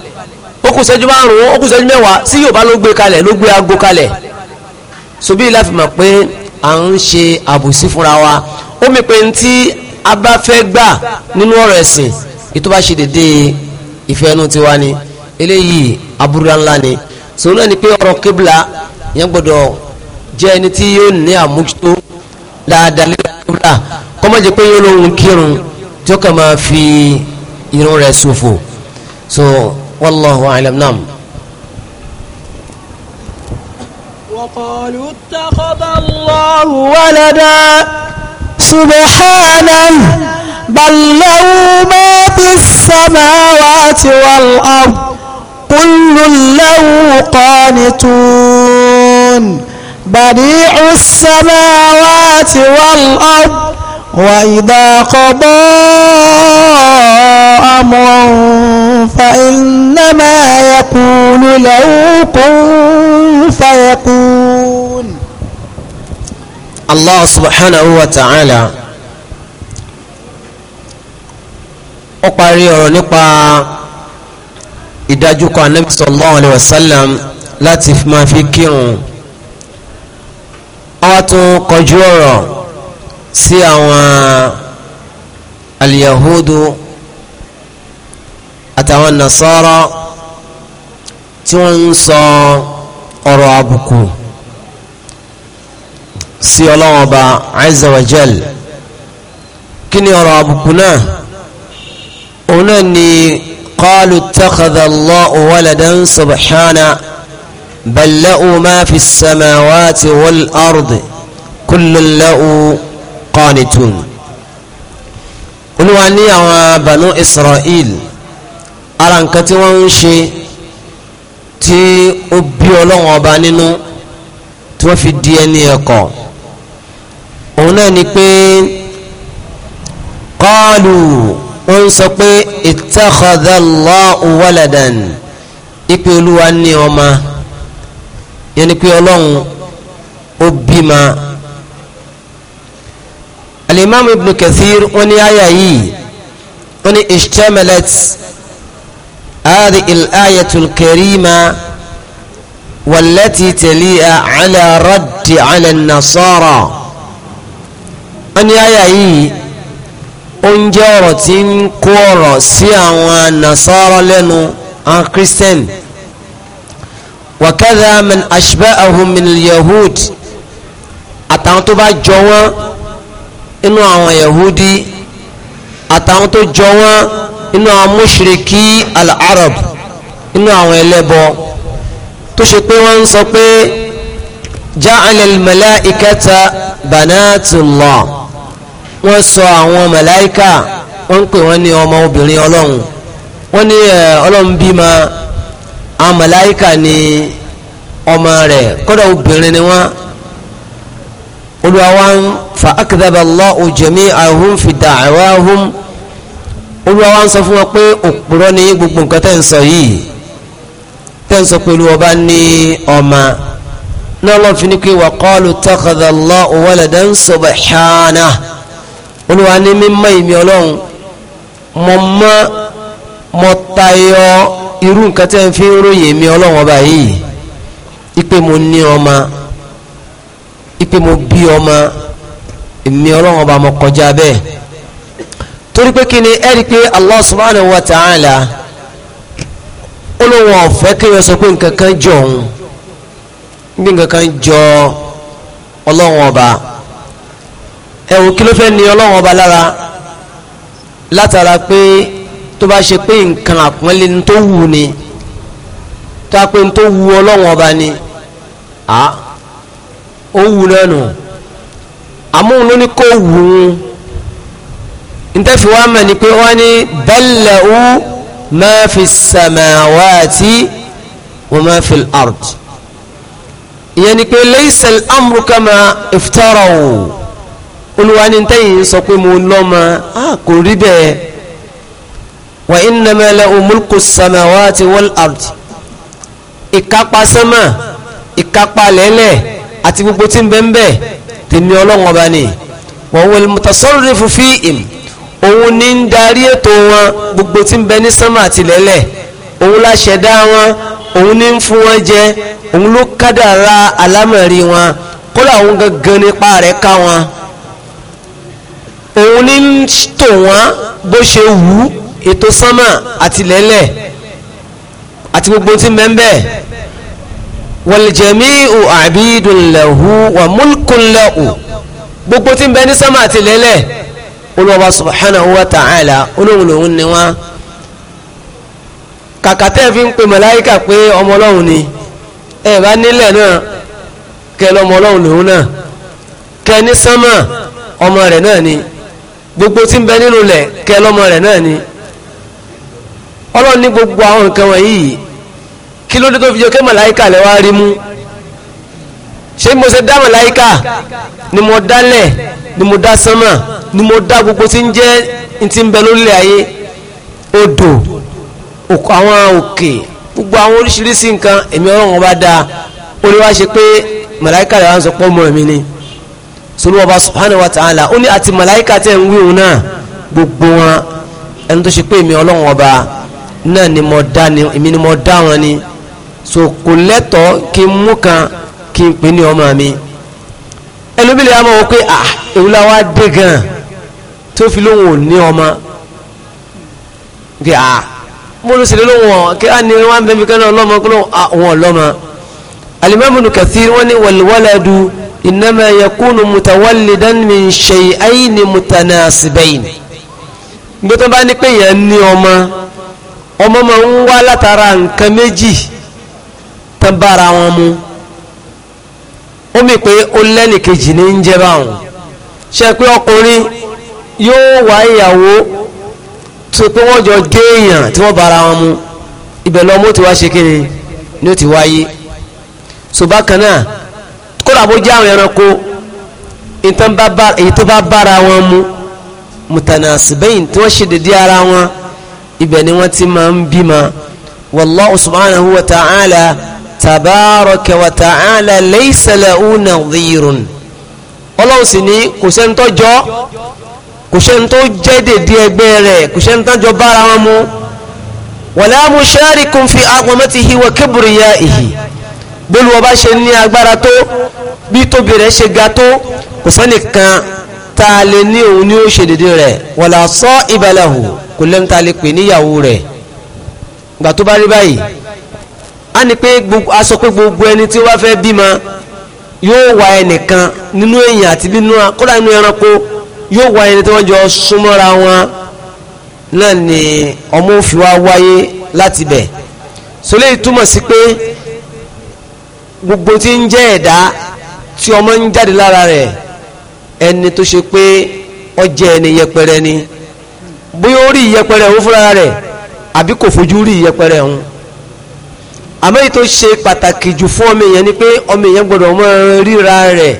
Speaker 3: ó kù sẹ́jú márùn-ún ó kù sẹ́jú mẹ́wàá sí yorùbá ló gbé kalẹ̀ ló gbé aago kalẹ̀ sobi láfi mọ̀ pé à ń ṣe àbòsí fúnra wa ó mi pé ntí a bá fẹ́ gbà nínú ọ̀rọ̀ ẹ̀sìn ètò ṣe dédé ìfẹ́ ẹnu tiwa ni eléyìí aburú ńlá ni sòwò náà ni pé ọ̀rọ̀ kébìlà yẹn gbọ́dọ̀ jẹ́ ẹni tí yóò ní àmójútó dáadáa lẹ́yìn kébìlà kọ́mọ́jẹ́ pé yóò lóhun kírun tí ó kà máa fi irun rẹ̀ ṣòfò so wallahu alam naam.
Speaker 2: وقالوا اتخذ الله ولدا سبحانه بل له ما في السماوات والأرض كل له قانتون بديع السماوات والأرض وإذا قضى أمرا فإنما يقول له كن فيكون
Speaker 3: الله سبحانه وتعالى ó parí ìdájúkọ anabi sallallahu alayhi wa sallam láti máa fi kírun wọ́n tún kọjú ọ̀rọ̀ sí àwọn aliyahudu àtàwọn nasara tí wọ́n ń sọ ọ̀rọ̀ àbùkù sí ọlọ́wọ́n ọba azza wa jal kí ni ọ̀rọ̀ àbùkù náà òun náà ni. قالوا اتخذ الله ولدا سبحانه بل له ما في السماوات والأرض كل له قانتون olúwa ní àwọn banu israel ara nǹkan tí wọ́n ń ṣe tí ó bí ọlọ́wọ́n ọba nínú tí wọ́n fi di ẹni ẹ̀kọ́ òun náà ni pé kọ́ọ̀lù wọ́n sọ pé ittakhadha Allahu waladan ipe olúwa ní ọmọ yẹn ni pé ọlọ́run ó bímọ. al-imam ibn kathir wọ́n ní àyà yìí wọ́n ní ishtamalat هذه الآية الكريمة والتي تليها على رد على النصارى أن يا يا oúnjẹ ọ̀rọ̀ tí ń kó ọ̀rọ̀ sí àwọn nasara lẹ́nu àwọn christian wakadha man ashba'ahum min yahud àtàwọn tó bá jọ wọ́n inú àwọn yahudi àtàwọn tó jọ wọ́n inú àwọn mushriki al-arab inú àwọn ẹlẹ́bọ tó ṣe pé wọ́n ń sọ pé ja'ala malaikata banatullah wọ́n sọ àwọn màláíkà wọ́n ń pè wọ́n ní ọmọ obìnrin ọlọ́run wọ́n ní ọlọ́run bímọ àwọn màláíkà ní ọmọ rẹ̀ kọ́dọ̀ obìnrin ni wọ́n olúwa wa ń fa akadàbà Allahu jami'ahum fi da'wahum olúwa wa ń sọ fún wọn pé òpùrọ́ ní gbogbo nǹkan tẹ́ ń sọ yìí tẹ́ ń sọ pẹ̀lú ọba ní ọmọ náà lọ́n fi ní pé wa qalu ittakhadha Allahu waladan subhanahu olùwà ní mímọ́ ìmí ọlọ́run mọ mọ́ mọ tayọ irú nǹkan tẹ́ ń fi ń ròyìn ìmí ọlọ́run ọba yìí ipe mo ní ọmọ ipe mo bí ọmọ ìmí ọlọ́run ọba mo kọjá bẹ́ẹ̀ torí pé kí ni ẹ rí i pé Allah subhanahu wa ta'ala olóhùn ọ̀fẹ́ kéèyàn sọ pé nǹkan kan jọ òun nǹkan kan jọ ọlọ́run ọba ẹ̀wò kí ló fẹ́ ni ọlọ́run ọba lára látara pé tó bá ṣe pé nǹkan àpọ́nlé ní tó wù ni tó a pé ní tó wù ọlọ́run ọba ni à ó wù náà nù àmóhun ló ní kó wù ú ntẹ́fi wá mọ̀ ni pé wọ́n ní bẹ́lẹ̀ ó máa fi sàmàwáàtì wọ́n máa fi ard ìyẹn ni pé laysal amru kama iftaraw olúwa ní tẹ́yìn sọ pé mo lọ́mọ a kò rí bẹ́ẹ̀ wa innama lahu mulku samawati wal ard ìkápá sánmà ìkápá lẹ́lẹ̀ àti gbogbo tí ń bẹ ń bẹ tèmi ọlọ́run ọba ni wa huwal mutasarrifu fihim òun ní ń darí ètò wọn gbogbo tí ń bẹ ní sánmà àti lẹ́lẹ̀ òun la wọn òun ní ń fún wọn jẹ òun ló kádàrá alámọ̀rí wọn kódà òun gangan nípa rẹ̀ ká wọn òun ní tò wọ́n bó ṣe wù ú ètò sánmà àti lẹ́lẹ̀ àti gbogbo tí mẹ́ńbẹ́ wọ̀lẹ̀jẹ̀mí ò abidun lahu wà mulkun lahu gbogbo tí ń bẹ ní sánmà àti lẹ́lẹ̀ olùwàbà subhanahu wa ta'ala olóhùn lòun ni wọ́n kàkàtẹ́ fi ń pe màláíkà pé ọmọ ọlọ́run ni ẹ bá nílẹ̀ náà kẹ lọ́mọ ọlọ́run lòun náà kẹ ní sánmà ọmọ rẹ̀ náà ni gbogbo tí ń bẹ nínú lẹ̀ kẹ́ lọ́mọ rẹ̀ náà ni ọlọ́run ní gbogbo àwọn nǹkan wọ̀nyí kí ló dé tó fi jẹ́ kí màláìkà lẹ wá rí mú ṣé mo ṣe dá màláìkà ni mo dálẹ̀ ni mo dá sánmà ni mo dá gbogbo tí ń jẹ́ ti ń bẹ lórílẹ̀ ayé odò àwọn òkè gbogbo àwọn oríṣiríṣi nǹkan èmi ọlọ́run ọba dáa ó lè wá ṣe pé màláìkà lẹ wá ń sọ pé ọmọ mi ni sọlọ́wọ́ bá subhanahu wa ta'ala ó ní àti màláìka tẹ̀ ń wíwò náà gbogbo wọn ẹni tó ṣe pé èmi ọlọ́run ọba náà ni mo dá ni èmi ni mo dá wọn ni so kò lẹ́tọ̀ọ́ kí n mú kan kí n pè ní ọmọ mi ẹlòmílẹ̀ àmọ́ wọn pé ah èwúlá wa dé gan tó fi lóhùn ò ní ọmọ kí ah mo lọ sílẹ̀ lóhùn wọn kí á ní wọn bẹ́ẹ̀ mi kẹ́ náà lọ́mọ kí lóhùn àwọn ọlọ́mọ alimami Kathir wọn ni wal waladu. إنما يكون متولدا من شيئين متناسبين gbé tó bá ní pé yẹn ní ọmọ ọmọ máa ń wá látara nǹkan méjì tán bára wọn mu ó mì pé ó lẹ́nìkejì ní ń jẹ́ báwọn ṣe pé ọkùnrin yóò wá ìyàwó tó pé wọ́n jọ dé èèyàn tí wọ́n bára wọn mu ibẹ̀ lọ́mọ ó ti ṣe kí ni ni ó ti wáyé so bákan náà kódà bó jẹ́ àwọn ẹranko èyí tó bá bára wọn mu mutanasibain tí wọ́n ṣe dédé ara wọn ibẹ̀ ni wọ́n ti máa ń bímọ wallahu subhanahu wa ta'ala tabaraka wa ta'ala laysa lahu nadhirun ọlọ́run sì ní kò sẹ́ni tó jọ kò sẹ́ni tó jẹ́ dédé ẹgbẹ́ rẹ̀ kò sẹ́ni tó jọ bára wọn mu wala musharikun fi aqwamatihi wa kibriyaihi bólú ọba ṣe ní agbára tó bí tóbi rẹ̀ ṣe ga tó kò sẹ́nìkan tá lè ní òun ni ó ṣe dédé rẹ̀ wàlà sọ ìbàlàhù kò lẹ́nu tá a lè pè níyàwó rẹ̀ gbà tó bá rí báyìí a ní pé a sọ pé gbogbo ẹni tí wọ́n fẹ́ bímọ yóò wá ẹnìkan nínú èèyàn àti nínú kódà nínú ẹranko yóò wá ẹni tí wọ́n jọ súnmọ́ra wọn náà ni ọmọ òfin wa wáyé láti bẹ̀ sọlẹ́ ìtumọ̀ sí pé gbogbo tí ń jẹ́ ẹ̀dá tí ọmọ ń jáde lára rẹ̀ ẹni tó ṣe pé ó ẹni yẹpẹrẹ ni bóyá ó rí yẹpẹrẹ òun fúnra rẹ̀ àbí kò fojú rí yẹpẹrẹ òun àmọ́ èyí tó ṣe pàtàkì jù fún ọmọ èèyàn ni pé ọmọ èèyàn gbọ́dọ̀ mọ ríra rẹ̀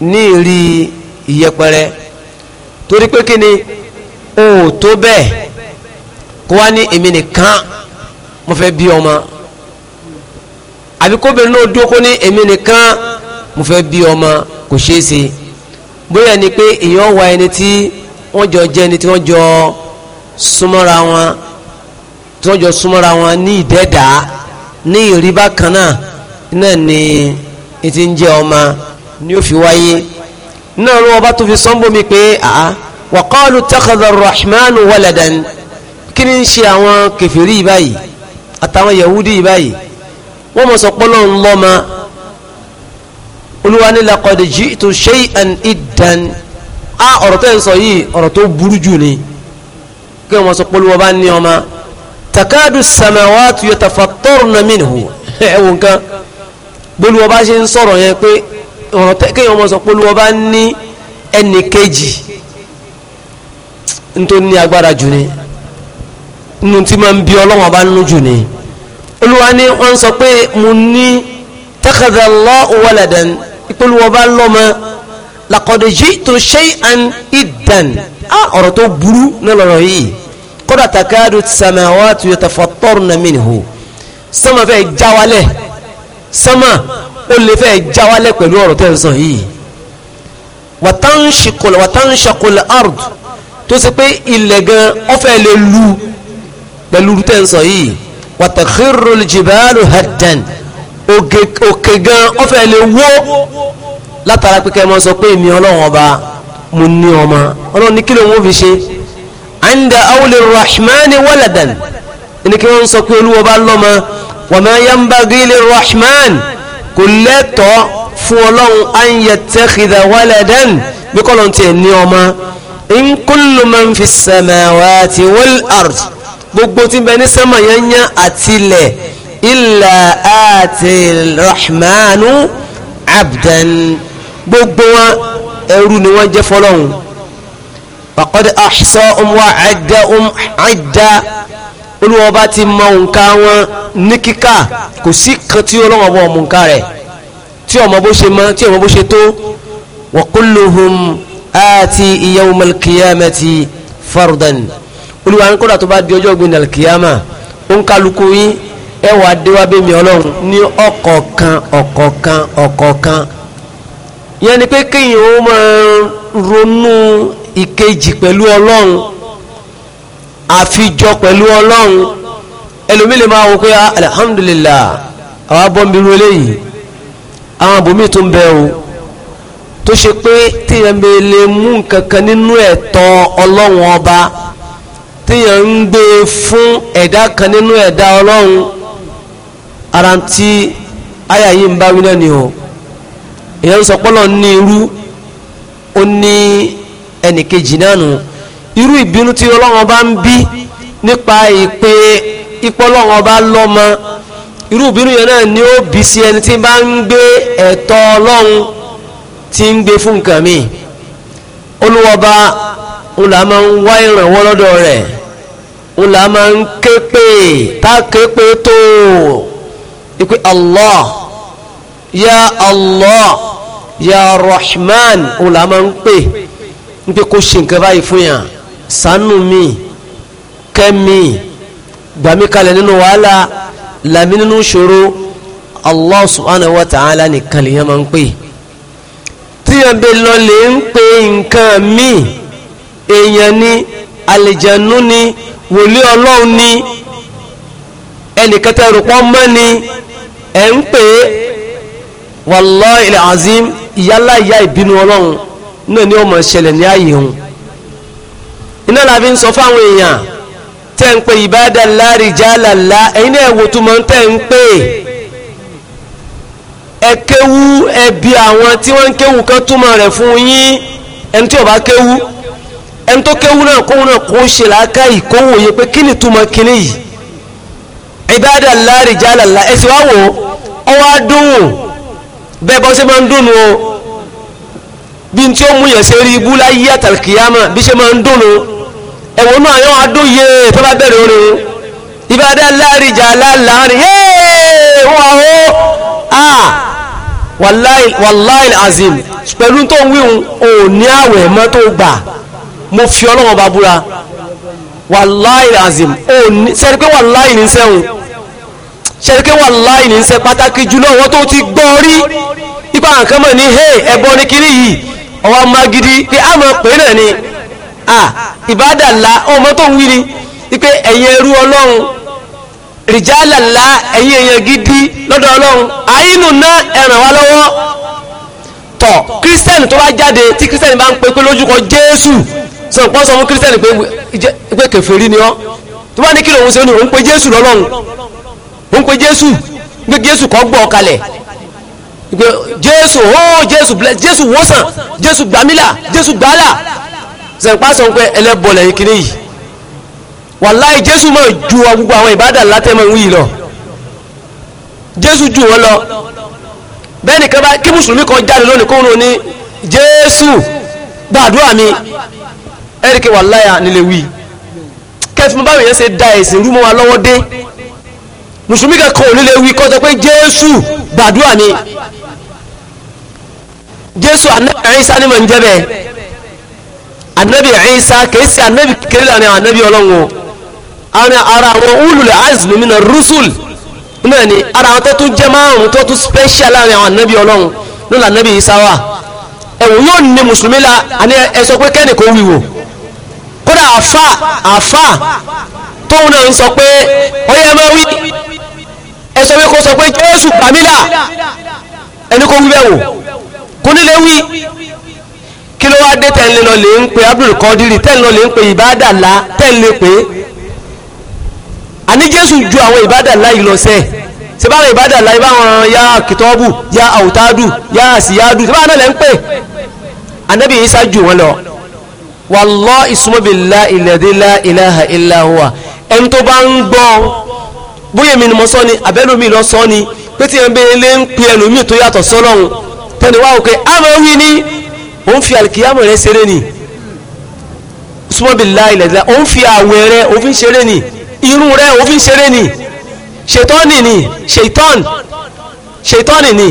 Speaker 3: ní ìrí ìyẹpẹrẹ torí pé kí ni o ò tó bẹ́ẹ̀ kó wá ní èmi nìkan mo fẹ́ bí ọmọ àbí kóbìnrin náà dúró kó ní èmi nìkan mo fẹ́ bí ọmọ kò ṣeé ṣe bóyá ni pé èèyàn wá ẹni tí wọ́n jọ jẹ́ ẹni tí wọ́n jọ súnmọ́ra wọn tí wọ́n jọ súnmọ́ra wọn ní ìdẹ́dà ní ìrìbá kan náà náà ni ti ń jẹ́ ọmọ ni ó fi wáyé náà ló ọba tó fi sọ́nbómi pé àá wa qalu rahman waladan kí ni ń ṣe àwọn kèfèrí báyìí àtàwọn yahudi báyìí wọ́n mọ̀ sọ pọ́lọ́ ń lọ́ ma olúwa ní laqad ji'tu shay'an iddan á ọ̀rọ̀ tẹ́ ń sọ yìí ọ̀rọ̀ tó burú jù ni kí wọ́n sọ pọ́lọ́ bá ní ọma takadu samawatu yatafattarna minhu ẹ̀wọ̀n kan gbólúwọ́ bá ṣe ń sọ̀rọ̀ yẹn pé ọ̀rọ̀ tẹ́ kí wọ́n sọ pọ́lọ́ bá ní ẹnì kejì nítorí ní agbára jù ni nínú tí máa ń bí ọlọ́wọ́n bá ń nú jù ni olúwa ni wọ́n sọ pé mo ní takhadha Allahu waladan ìpolówó bá lọ́mọ laqad ji'tu shay'an iddan á ọ̀rọ̀ tó burú ní lọ́rọ̀ yìí kódà takadu samawatu yatafattarna minhu sọ́mọ fẹ́ jáwálẹ̀ sọ́mọ ó lè fẹ́ jáwálẹ̀ pẹ̀lú ọ̀rọ̀ tẹ́ ń sọ yìí wàtánṣekòlè wàtánṣekòlè ard tó ṣe pé ilẹ̀ gan ó fẹ́ lè lu pẹ̀lú tẹ́ ń sọ yìí wàtàkìrò jìbàálù hàdàn òkè gan ọfẹ lè wó látara pé kẹ́ ẹ mọ sọ pé èmi ọlọ́run ọba mo ní ọmọ ọlọ́run ní kí ló ń wọ́n fi ṣe àǹdà àwòlẹ̀ rahman wàlàdàn ẹni kí wọ́n sọ pé olúwa bá lọ́mọ wàmẹ́ yambagilẹ̀ rahman kò lẹ́tọ̀ọ́ fún ọlọ́run àǹyẹ̀ tẹ́kìdà wàlàdàn bí kọ́lọ́n tiẹ̀ ní ọmọ in kullu fi samawati wal ard gbogbo tí ń bẹ ní sánmà yányán àti ilẹ̀ illa àti rahmanu abdan gbogbo wọn ẹrú ni wọ́n jẹ́ fọlọ́hun faqad ahsahum wa addahum adda olùwọ́ba ti mọ òǹkà wọn ní kíkà kò sí kan tí ọlọ́wọ́ bọ̀ òǹkà rẹ̀ tí ọmọ bó ṣe mọ tí ọmọ bó ṣe tó wa kulluhum ati yawmal qiyamati fardan olúwa ní kódà tó bá di ọjọ́ ògbìn nàìkìyàmà ó ń yín ẹ wàá déwábé mi ọlọ́run ní ọ̀kọ̀ọ̀kan ọ̀kọ̀ọ̀kan ọ̀kọ̀ọ̀kan yẹn ni pé kéèyàn ó máa ronú ìkejì pẹ̀lú ọlọ́run àfijọ pẹ̀lú ọlọ́run ẹlòmí lè máa wò pé ah, alhamdulillah àwọn abọ́nbirú eléyìí àwọn àbòmí tó ń bẹ o tó ṣe pé tíyẹn lè mú nǹkan kan nínú ẹ̀tọ́ ọlọ́run ọba téèyàn ń gbé fún ẹ̀dá kan nínú ẹ̀dá ọlọ́run ara tí àyà yìí ń bá wí náà ni o èèyàn ń sọ pọ́lọ̀ ní irú ó ní ẹnìkejì náà nù irú ìbínú tí ọlọ́run bá ń bí nípa ìpè ipò ọlọ́run ọba lọ́mọ irú ìbínú yẹn náà ni ó bí sí ẹni tí bá ń gbé ẹ̀tọ́ ọlọ́run tí ń gbé fún nǹkan mi olúwọba ọlọ́run máa ń wá ìrànwọ́ lọ́dọ̀ rẹ̀ ń là máa ń ké pé tá a ké pé tó ipe allah ya allah ya rahman ń là máa ń pè ń pé kó ṣe nǹkan báyìí fún yàn sànù mi kẹ́mi gbàmí kalẹ̀ nínú wàhálà làmí nínú ṣòro allah subhanahu wa ta'ala nìkan lèèyàn máa ń pè tíyàn bẹ lọ ń pè nǹkan míì èèyàn ni àlìjànú ni wòlíì ọlọ́run ni ẹnìkan tẹ́ rò pọ́n mọ́ ni ẹ̀ ń pè é wallahi alazim ìyálà ìyá ìbínú ọlọ́run náà ni ó mọ̀ ṣẹlẹ̀ ní ààyè òun iná làbí ń sọ fáwọn èèyàn tẹ́ ń pe ibadallah rijalallah ẹ̀yin náà wò tó tẹ́ ń pè ẹ kéwú ẹbí àwọn tí wọ́n ń kéwú kan túmọ̀ rẹ̀ fún yín ẹni tí ò bá kéwú ẹni tó kéwú náà kóhun náà kó ṣe làákà yìí kó wòye pé kí ni túmọ̀ kíní yìí ìbáàdà láàrin jálà lá ẹ sì wá wò ó wá dùn bẹ́ẹ̀ bọ́ sí máa ń dùn o bí n tí ó mú yẹn ṣe rí ibú láyé àtàlùkìyàmà bí ṣe máa ń dùn ẹ̀wọ̀n náà yóò wá dùn yé tó bá bẹ̀rẹ̀ orin ìbáàdà láàrin jálà láàrin
Speaker 2: yéé wà
Speaker 3: ó a wàláì azim pẹ̀lú tó ń wíhun ò àwẹ̀ mọ́ gbà mo fi ọlọ́wọ́n bá búra wàláì azim ṣẹ́rí pé wàláì ní sẹ́hùn ṣẹ́rí pé wàláì ní sẹ́ pàtàkì jùlọ wọ́n tó ti gbọ́ rí ipa nǹkan mọ̀ ní hey ẹ̀bọ ní kiri yìí ọwọ́ máa gidi pé a mọ̀ pé náà ni ìbádàlá ọmọ tó ń wí ni wípé ẹ̀yin ẹrú ọlọ́run rìjálàlá ẹ̀yin èèyàn gidi lọ́dọ̀ ọlọ́run àyínú náà ẹ ràn wá lọ́wọ́ tọ̀ kírísítẹ́nì tó bá jáde tí kírísítẹ́nì bá ń pe pé lójúkọ jésù sọ pọ́ sọ fún kírísítẹ́nì pé kèfèrí ni ọ́ tó bá ní kí lòun ṣe ní òun pé jésù lọ́lọ́run òun pé jésù pé jésù kọ́ gbọ́ kalẹ̀ pé jésù ó oh, jésù bless jésù wọ́sàn jésù gbàmílà jésù gbàálà sọ pọ́ sọ pé ẹlẹ́bọ̀ lẹ́yìn kiri yìí wàláì jésù máa ju gbogbo àwọn ìbádà látẹ̀mọ̀ ń wí lọ jésù ju wọn lọ bẹ́ẹ̀ nìkan kí mùsùlùmí kan jáde lónìí kóhun ní jésù gbàdúrà mi ẹ̀ríkẹ́ wà láyà nílé wí kẹfìmọ́ báwọn èèyàn ṣe da ẹ̀sìn rú wa lọ́wọ́ dé mùsùlùmí kẹ́kọ̀ọ́ ò nílé wí kọ́jọ pé jésù gbàdúrà ni jésù anábì ni mò ń jẹ́ bẹ́ẹ̀ anábì Ìsá kìí ṣe anábì kékeré lánàá anábì ọlọ́run àwọn ará àwọn ulul azmi mina rusul náà ni ara àwọn tó tún jẹ́ márùn tó tún special láàrin àwọn anábì ọlọ́run lọ́la anábì Ìsá wà ẹ̀wọ̀n yóò ní mùsùlùmí la àní ẹ sọ pé kẹ́nìkan wíwò kódà àfà àfà tóun náà ń sọ pé ọyẹ ẹ máa wí ẹ sọ pé kó sọ pé jésù pàmílà ẹni kó wí wò kó nílé wí kí ló wá dé tẹ́lẹ̀ lọ lè ń pe Abdul Qadir tẹ́lẹ̀ lọ lè ń pe ìbádàlá tẹ́lẹ̀ pé àní jésù ju àwọn ìbádàlá yìí lọ sẹ́ẹ̀ sebáwọn ìbádàlá ìbáwọn ya kìtọ́bù ya àwùtádù ya àsìyádù sebáwọn náà lẹ́ ń pè ànábì Ìsá ju wọn lọ wallahi summa billahi alladhi la ilaha illa huwa ẹni tó bá ń gbọ́ bóyá mi ni mo sọ ni abẹ́lómi lọ sọ ni pé tí ẹn bẹ́ẹ̀ lé ń pe ẹlòmíì tó yàtọ̀ sọ́lọ́hún tẹ́ni wá òkè àmọ́ wí ni òun fi àlìkìyàmọ̀ rẹ ṣeré ni summa billahi alladhi la fi àwẹ̀ rẹ òun fi ṣeré ni irun rẹ òun fi ṣeré ni ṣètọ́nì ni ṣètọ́nì ni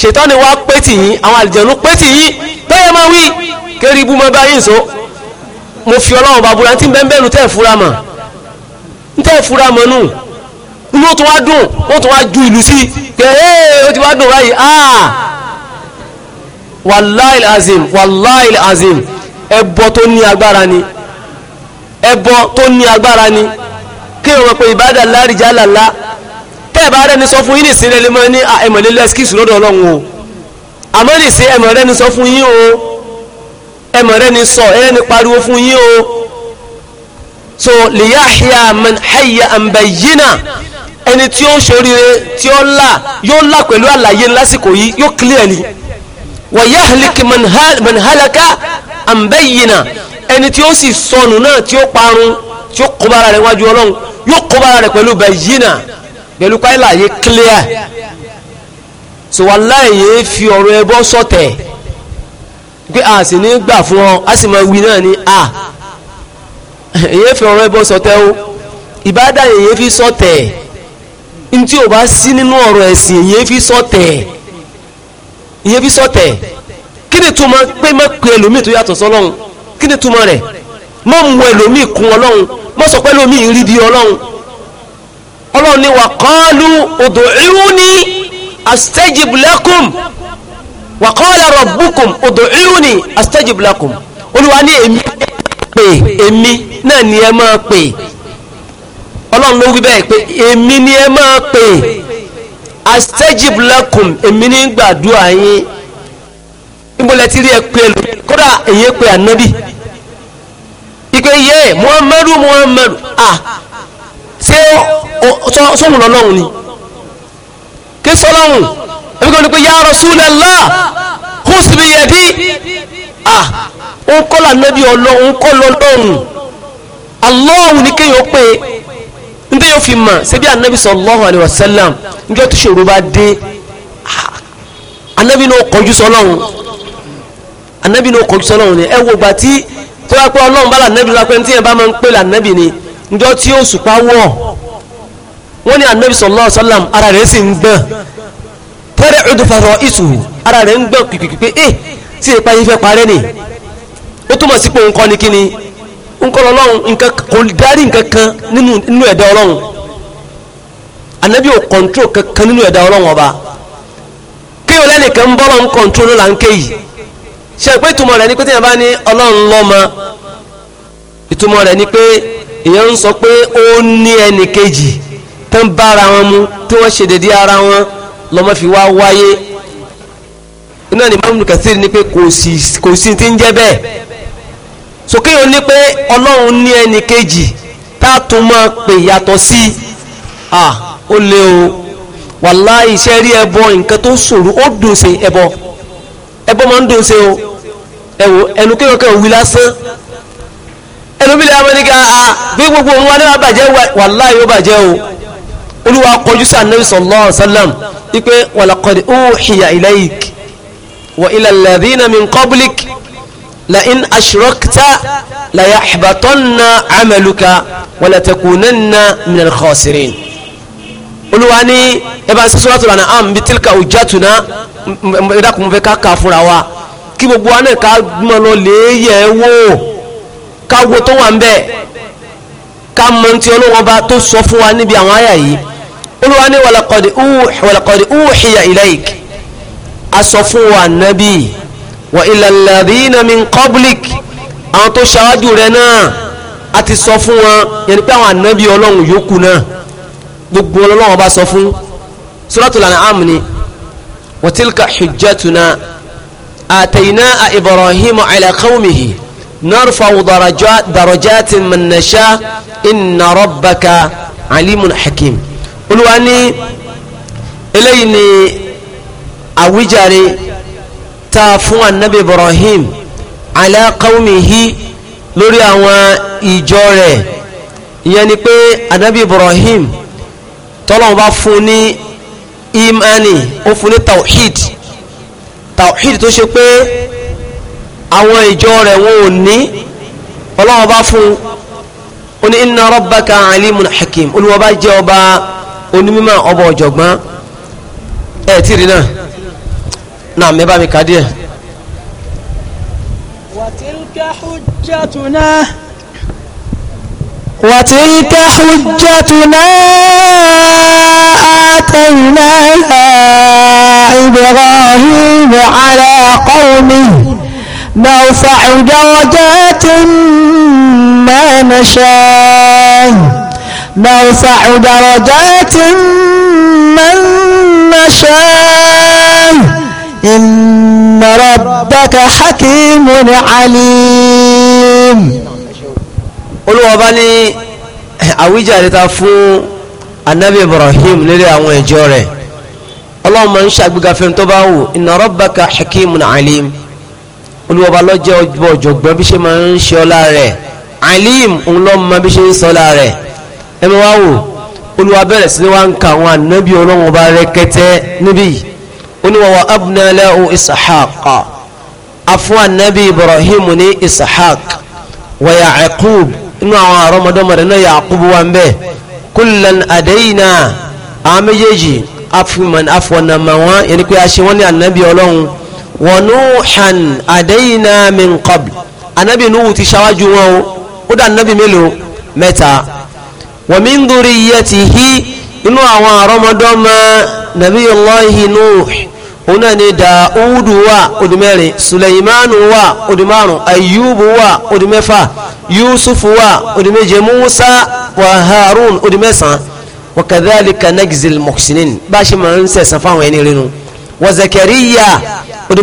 Speaker 3: ṣètọ́nì wá pé tì àwọn àlìjẹ̀nu pé tì yín bẹ́ẹ̀ máa wí kérí ibú mọ́ báyìí nso mo fi ọlọ́run bá búra ní tí ń bẹ́ẹ̀ bẹ́ẹ̀ tẹ́ fura mọ̀ ń tẹ́ fura mọ̀ nù inú ó tún wá dùn ó tún wá ju ìlú sí pé ee ó ti wá dùn báyìí aa ah! wàláìl azim wàláìl azim ẹbọ tó ní agbára ni ẹbọ tó ní agbára ni kí wọn pe ìbádà lárìjà làlá tẹ́ ẹ̀ bá rẹ́ni sọ fún yín nìsín rẹ̀ lè mọ́ ní ah, ẹ̀mọ̀lélẹ́skìsì lọ́dọ̀ ọlọ́run o àmọ́ nìsín ẹ̀mọ̀ rẹ́ni sọ fún yín o ẹmọ rẹ ni sọ ẹ ni pariwo fún yín o so liyahya man hayya an bayyina ẹni tí ó ṣoríire tí ó là yóò là pẹ̀lú àlàyé lásìkò yìí yóò clear ni wa yahlik man halaka an bayyina ẹni tí ó sì sọnù náà tí ó parun tí ó kọbára rẹ̀ wájú ọlọ́run yóò kọbára rẹ̀ pẹ̀lú bayyina pẹ̀lú káyìlà clear so wallahi fi ọ̀rọ̀ ẹbọ sọ̀tẹ̀ pé a sì ní gbà fún ọ a sì máa wí náà ni a èyí fi ọ̀rọ̀ ẹbọ sọtẹ o ìbádà èyí fi sọtẹ ntí o bá sí nínú ọ̀rọ̀ ẹ̀sìn èyí fi sọtẹ èyí fi sọtẹ kí ni túmọ̀ pé má pe ẹlòmíì tó yàtọ̀ sọlọ́run kí ni túmọ̀ rẹ̀ má mú ẹlòmíì kún ọlọ́run má sọ pé ẹlòmíì rí di ọlọ́run ọlọ́run ni wà kọ́ọ́lù odò ìrú ni astajib lakum wa qala rabbukum ud'uuni astajib lakum olúwa ní èmi pè èmi náà ni ẹ máa pè ọlọ́run ló wí bẹ́ẹ̀ pé èmi ni ẹ máa pè astajib lakum èmi ní gbàdúrà yín níbolẹ̀ ti rí ẹ pé lò kódà èyí pé ànábì ike yẹ muhammadu muhammadu ah ṣé sọ́hùn lọ́lọ́hùn ni kí sọ́lọ́hùn ẹbí kan ní pé ya Rasulullah husbi yadi ah òun kọ́ là nẹ́bí ọlọ́run kọ́ lọ́lọ́run alọ́run ní kéèyàn pé níbi yóò fi mọ̀ ṣebí anabi sallallahu alayhi wa sallam níjọ́ tó ṣòro bá dé anabi ah, náà kọjú sọlọ́run anabi náà kọjú sọlọ́run ni ẹ wo gbà tí tó yà pé ọlọ́run bá lànàbí lọ́pẹ́ tí yẹn bá máa ń pè lànàbí ni níjọ́ tí ó sùpá wọ̀ wọ́n ní anabi sallallahu alayhi wa sallam ara rẹ̀ sì ń gbọ̀n tẹ́rẹ̀ ọdúnfàrọ̀ ìṣù ara rẹ̀ ń gbọ́n pìpìpì pé eh, tí ipa yìí fẹ́ parẹ́ ni ó túmọ̀ sí pé nǹkan ni kí ni nǹkan ọlọ́run nǹkan kò darí nǹkan kan nínú ẹ̀dá ọlọ́run ànábì ò kọ̀ǹtró kankan nínú ẹ̀dá ọlọ́run ọba kéwòn lẹ́nìkan ń bọ́lọ̀ ń kọ̀ǹtró ló là ń ké yìí ṣe pé ìtumọ̀ rẹ̀ ni pé téèyàn bá ní ọlọ́run lọ́mọ ìtumọ̀ rẹ̀ ni pé èèyàn ń sọ pé ó ní ẹnì kejì tó ń bá ara wọn mu tí wọ́n ṣe dédé ara wọn lọ́mọ fi wá wáyé iná ni Imam Kathir ni pé kò sí kò sí ti ń jẹ́ bẹ́ẹ̀ sókè yóò ní pé ọlọ́run ní ẹnì kejì tá a tún máa pè yàtọ̀ sí à ó lé o wàláhì iṣẹ́ rí ẹbọ nǹkan tó ṣòro ó dùn ṣe ẹbọ ẹbọ máa ń dùn ṣe o ẹwò ẹnu kéwòn kẹwòn wí lásán ẹnu bí lẹ́yìn amẹ́ríkà a bí gbogbo òun wa náà bàjẹ́ wàláhì yóò bàjẹ́ o olúwa kọjú sí anabi sallallahu alaihi ipe walaqad uhiya ilayk wa ila alladhina min qablik la in ashrakta la yahbatanna amaluka wa la takunanna min al-khasirin olúwa ní ẹbá ń sọ́sọ́ látọ̀lá náà àmì tílkà òjátùná ẹ̀dàkùn mọ́fẹ́ káàkà fúnra wa kí gbogbo wa náà ká mọ́ lọ lè yẹ ká wo tó wà ń bẹ̀ ká mọ́ tí ọlọ́wọ́n bá tó sọ fún wa níbi àwọn àyà yìí olúwa ní walaqad uhi walaqad uhiya ilayk a sọ fún wa nàbí wa ila alladhina min qablik àwọn tó ṣáájú rẹ náà a ti sọ fún wọn yẹn pé àwọn ànábì ọlọ́run yòókù náà gbogbo ọlọ́run bá sọ fún suratul an'am ni wa tilka hujjatuna atayna ibrahima ala qawmihi narfa'u darajat darajatin man nasha inna rabbaka alimun hakim. olúwa ní eléyìí ni àwíjàre tá a fún anabi ibrahim ala qawmihi lórí àwọn ìjọ rẹ̀ ìyẹn ni pé anabi ibrahim tọ́lọ́run bá fún ní imani ó fún ní tawhid tawhid tó ṣe pé àwọn ìjọ rẹ̀ wọn ò ní ọlọ́run bá fún un ó ní alimun hakim olúwa bá jẹ́ ọba onímọ̀ ọba ọ̀jọ̀gbọ́n ẹ̀ tí rí náà náà mẹ́bà mi kà díẹ̀. wàtílkà hujjatuna
Speaker 2: wàtílkà hujjatuna àtẹ̀yìnláha Ibrahim ala qawmihi نرفع درجات ما نشاء نرفع درجات من نشاء إن ربك حكيم عليم
Speaker 3: Olúwa bá ní àwíjàre ta fún anabi Ibrahim lórí àwọn ìjọ rẹ̀ Ọlọ́run máa ń ṣàgbéga fẹ́ni tó bá wù inna rabbaka hakimun alim Olúwa bá lọ́jọ́ ọjọ́ ọ̀jọ̀gbọ́n bí ṣe máa ń ṣe ọlá rẹ̀ alim òun lọ́ọ́ máa bí ṣe ń sọ ọlá rẹ̀ ẹmọ wá wò olúwa bẹ̀rẹ̀ sí wá ń ka àwọn ànábì ọlọ́run bá rẹkẹtẹ níbí olúwa wa abna lahu isahaqa afún ànábì ibrahim ní isahaq wa yaqub inú àwọn àrọ́mọdọ́mọ rẹ̀ náà yaqub wà ń bẹ̀ kullan adayna àwọn afọ̀nàmà wọn yẹn pé a ṣe wọ́n ní ànábì ọlọ́run wa nuhan adayna min qabl ànábì nuhu ti ṣáwájú wọn o ó dá ànábì mélòó mẹ́ta wa min dhurriyyatihi inú àwọn àrọ́mọdọ́mọ nabiyullahi nuh òun náà ni dàúdù wà odi mẹ́rin sùlẹ̀yìmánu wà odi márùn ayúbù wà odi mẹ́fà yusufu wà odi méje musa wa harun odi mẹ́sàn wa kadhalika najzil bá ṣe máa ń sẹ̀sán fáwọn ẹni rinu wa zakariya odi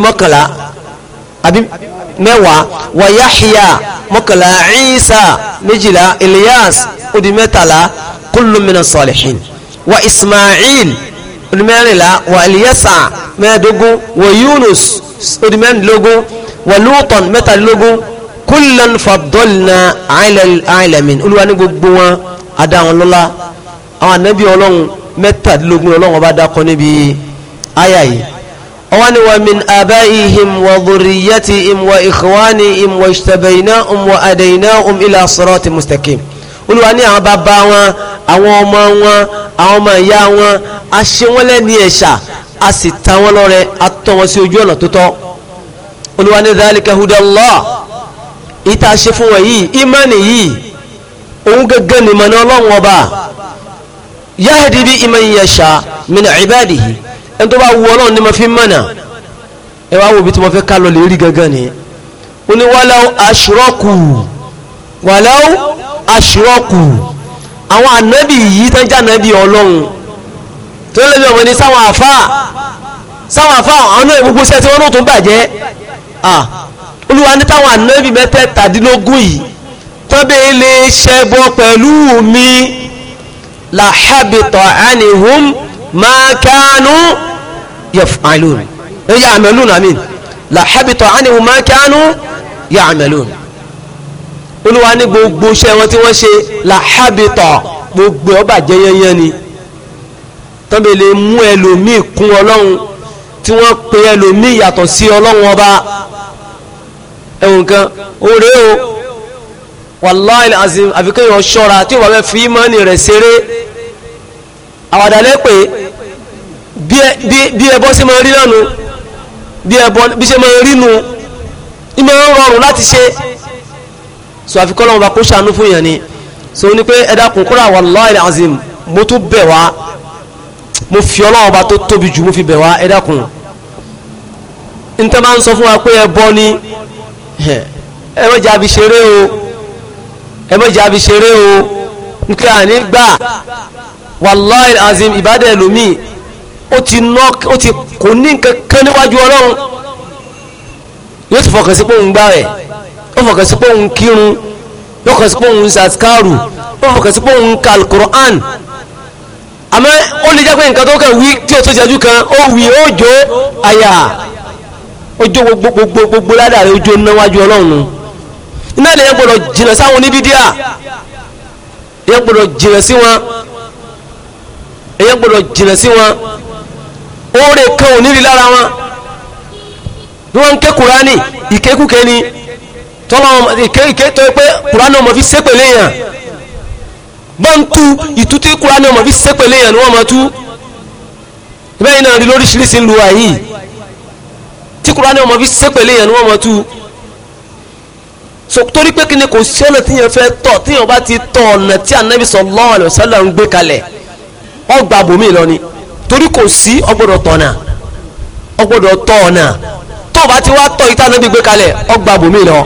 Speaker 3: mẹ́wàá wa yahya mọ́kànlá isa méjìlá ilyas ó di mẹ́tàlá kullu mina salihin wa ismail ó di mẹ́rìnlá wa aliyasa mẹ́ẹ̀ẹ́dógún wa yunus ó di mẹ́rìnlógún wa lutan mẹ́tàlélógún kullan faddalna alamin olúwa ní gbogbo wọn adá wọn lọ́lá àwọn ànábì ọlọ́run mẹ́tàlélógún ọlọ́run ọba dákọ níbi áyà yìí wọ́n ni min abáyihim wa zuriyatihim wa ikhwanihim wa ishtabaynahum wa adaynahum ila sirati mustaqim olúwa ní àwọn bàbá wọn àwọn ọmọ wọn àwọn ọmọ ìyá wọn a ṣe wọ́n lẹ́ni ẹ̀ṣà a sì ta wọ́n lọ́rẹ a tọ́ wọn sí ojú ọ̀nà tó tọ́ olúwa ní dhalika hudallah ìta ṣe fún wọn yìí ìmánì yìí òun gẹ́gẹ́ ni mọ̀nà ọlọ́run ọba yahdi bi iman yasha min ibadihi ẹni tó bá wu ọlọ́run ni mo fi mọ̀nà ẹ wá wo bí tí mo fẹ́ ká lọ lè rí gẹ́gẹ́ ní walaw ashraku walaw aṣírọ́kù àwọn ànábì yìí tán já ànábì ọlọ́run tó lẹ́bí ọmọ ní sáwọn àfá sáwọn àfá àwọn náà gbogbo iṣẹ́ tí wọ́n náà tó bàjẹ́ olúwa ní táwọn ànábì mẹ́tẹ̀ẹ̀tàdínlógún yìí tọ́bẹ̀ ilé ṣẹbọ pẹ̀lú mi làhábìtọ̀ ànihùn máa kánú yàfàlùn ẹ̀yà àmẹ́lùn àmì làhábìtọ̀ ànihùn máa kánú olúwa ní gbogbo iṣẹ́ wọn tí wọ́n ṣe làhábìtọ̀ gbogbo ọba jẹyẹyẹ ni tọ́bẹ̀ lè mú ẹlòmíì kún ọlọ́run tí wọ́n pe ẹlòmíì yàtọ̀ sí ọlọ́run ọba ẹ̀wọ̀n kan oore o wàláì azim àfikẹ́yìn ọ̀ṣọ́ra tí wọ́n fẹ́ fi ìmọ̀ọ́nì rẹ̀ ṣeré àwàdà lẹ́pẹ́ bí ẹbọ sí máa rí nánu bí ẹbọ bí ṣe máa rí nu ìmọ̀ ń rọrùn láti ṣe so àfikọ́ lọ́wọ́ bá kó ṣàánú fún yẹn ni so ní pé ẹ̀dá kúnkúrà wallahi azim mo tún bẹ̀ wá mo fi ọlọ́wọ́ bá tó tóbi jù mo fi bẹ̀ wá ẹ̀dá kùn n tẹ́ máa ń sọ fún wa pé ẹ bọ́ ni ẹ mọ̀jà ṣeré o ẹ mọ̀jà àní gbà wallahi azim ìbádẹ́ ẹlòmíì ó ti ó ti kò ní nǹkan níwájú ọlọ́run yóò ti fọkàn sí pé òun gbá rẹ̀ ó fọkàn sí pé òun kírun ó fọkàn sí pé òun ṣàtìkárù ó fọkàn sí pé òun ka alukur'an àmọ́ ó lè jẹ́ pé nǹkan tó kàn wí tí ó tó ṣẹ́jú kan ó wí ó jó àyà ó jó gbogbo gbogbo ládàrí ó jó níwájú ọlọ́run iná lè yẹn gbọ́dọ̀ jìnà sáwọn oníbídíà yẹn gbọ́dọ̀ jìnà sí wọn èyàn gbọ́dọ̀ jìnà sí wọn oore kan ò nírí lára wọn bí wọ́n ń ké kùránì ìkékùké ni tọ́lọ́wọ́n ìkéèké tó pé kùránù ọmọ fi sépèlé yàn bọ́n tú ìtútí kùránù ọmọ fi sépèlé yàn ni wọ́n mọ̀ tú bẹ́ẹ̀ náà rí lóríṣiríṣi lu àyí tí kùránù ọmọ fi sépèlé yàn ni wọ́n mọ̀ tú so torí pé kí ni kò sí ọ̀nà tíyàn fẹ́ tọ̀ tíyàn bá ti tọ̀ ọ̀nà tí anabi sallallahu alaihi wasallam ń gbé kalẹ̀ ọgbà bòmí lọ ni torí kò sí ọgbọ́dọ̀ tọ̀nà ọgbọ́dọ̀ tọ̀ ọ̀nà tó o bá ti wá tọ̀ ìtànà gbígbé kalẹ̀ ọgbà bòmí lọ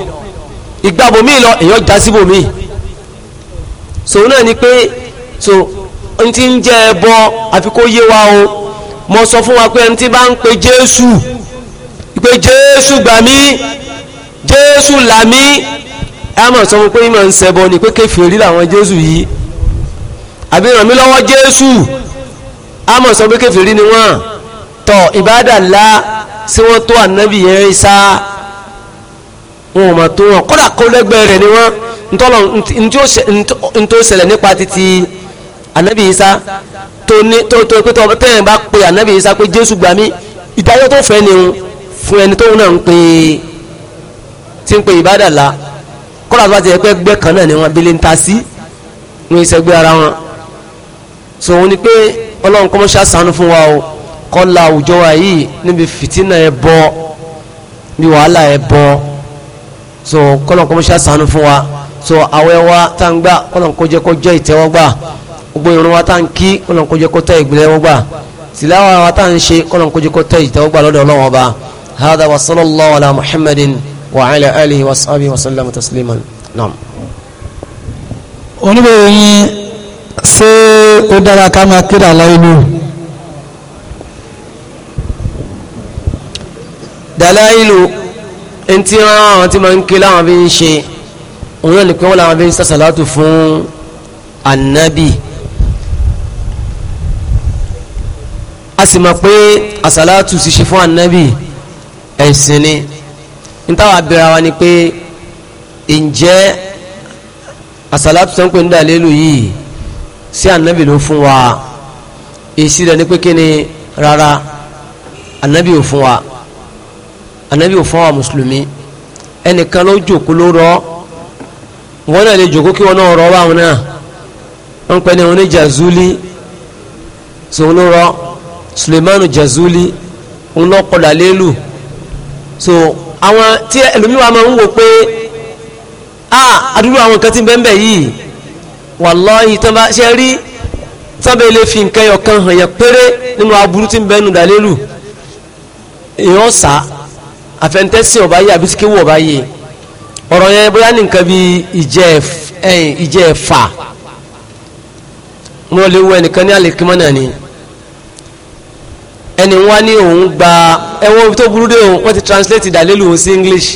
Speaker 3: ìgbàbòmí lọ èyàn já síbòmí so náà ni pé so n ti ń jẹ ẹbọ àfi kó yé wa o mo sọ fún wa pé ẹni tí bá ń pe jésù pé jésù gbà mí jésù là mí ẹ mọ̀ sọ fún pé ìmọ̀ ń ṣẹbọ ni pé kèfèrí làwọn jésù yìí àbí ràn mí lọ́wọ́ jésù a mọ̀ sọ pé kèfèrí ni wọ́n tọ̀ ìbádàlá sí wọ́n tó ànábì yẹn sá wọn ò mà tó wọn kódà kó lẹ́gbẹ̀ẹ́ rẹ̀ ni wọ́n ntọ́lọ̀ ntó ṣẹlẹ̀ nípa títí anabi isa tó ní tó tó pé tó tẹ́yìn bá pe anabi isa pé jésù gbà mí ìdájọ́ tó fẹ́ ni fún ẹni tó náà ń pe tí ń pe ìbádàlá kódà tó bá ti yẹ pé ẹgbẹ́ kan náà ni wọ́n abẹ́lé ń ta sí wọn ìṣẹ́gbẹ́ ara wọn so òun ni pé ọlọ́run kọ́mọ́ ṣàṣàánú fún wa o kọ́ la àwùjọ wa yìí níbi fìtínà ẹ̀ bọ́ bí wàhálà ẹ̀ bọ́ so kọ́lọ̀ kọ́ mọ́ṣá sànú fún wa so àwẹ̀ wa tá ń gbà kọ́lọ̀ kó jẹ́ kó jẹ́ ìtẹ́wọ́gbà gbogbo ìrun wa tá ń kí kọ́lọ̀ kó jẹ́ kó tẹ́ ìgbìlẹ́wọ́gbà tìláwà wa tá ń ṣe kọ́lọ̀ jẹ́ kó tẹ́ ìtẹ́wọ́gbà lọ́dọ̀ Ọlọ́run Ọba hada wa sallallahu ala muhammadin wa ala alihi wa sahbihi wa sallam tasliman naam. oníbẹ̀rẹ̀ yín ṣé ó dára ká máa kéde àlàyé nù. dàlá ìlú ntí àwọn tí máa ń ké láwọn fi ń ṣe òun náà nìkan wọn làwọn fi ń ṣe fún anabi a sì mọ̀ pé àsàlátù ṣíṣe fún anabi ẹ̀sìn ni ntáwọn abẹ́rẹ́ wa ni pé ǹjẹ́ àsàlátù tó ń pè ní dàlélù yìí sí anabi ló fún wa èsì rẹ̀ ni pé kí ni rárá anabi ò fún wa anabi ò fún àwọn mùsùlùmí ẹnìkan ló jòkó ló rọ wọn náà lè jòkó kí wọn náà rọ báwọn náà wọn pẹ ní wọn ní jazuli sòun ló rọ sulemanu jazuli òun lọ kọlà lélù so àwọn tí ẹlòmíwà máa ń wò pé a àdúrà àwọn nǹkan tí bẹ́ẹ̀ bẹ́ẹ̀ yìí wàláhì tán bá ṣe rí tábẹ́ ilé fi nǹkan ẹyọ kan hàn yẹn péré nínú aburú tí ń bẹ́ẹ̀ nù dàlélù èèyàn sá àfẹnutẹ́sìn ọba yìí àbí tí kéwù ọba yìí ọ̀rọ̀ yẹn bóyá ní nǹkan bíi ìjẹ́ ẹ̀fà mo lè wo ẹnìkan ní àlèkímọ́ náà ni ẹni wá ní òun gba ẹwọ́n tó burú dé òun wọ́n ti translate ìdálélù òun sí English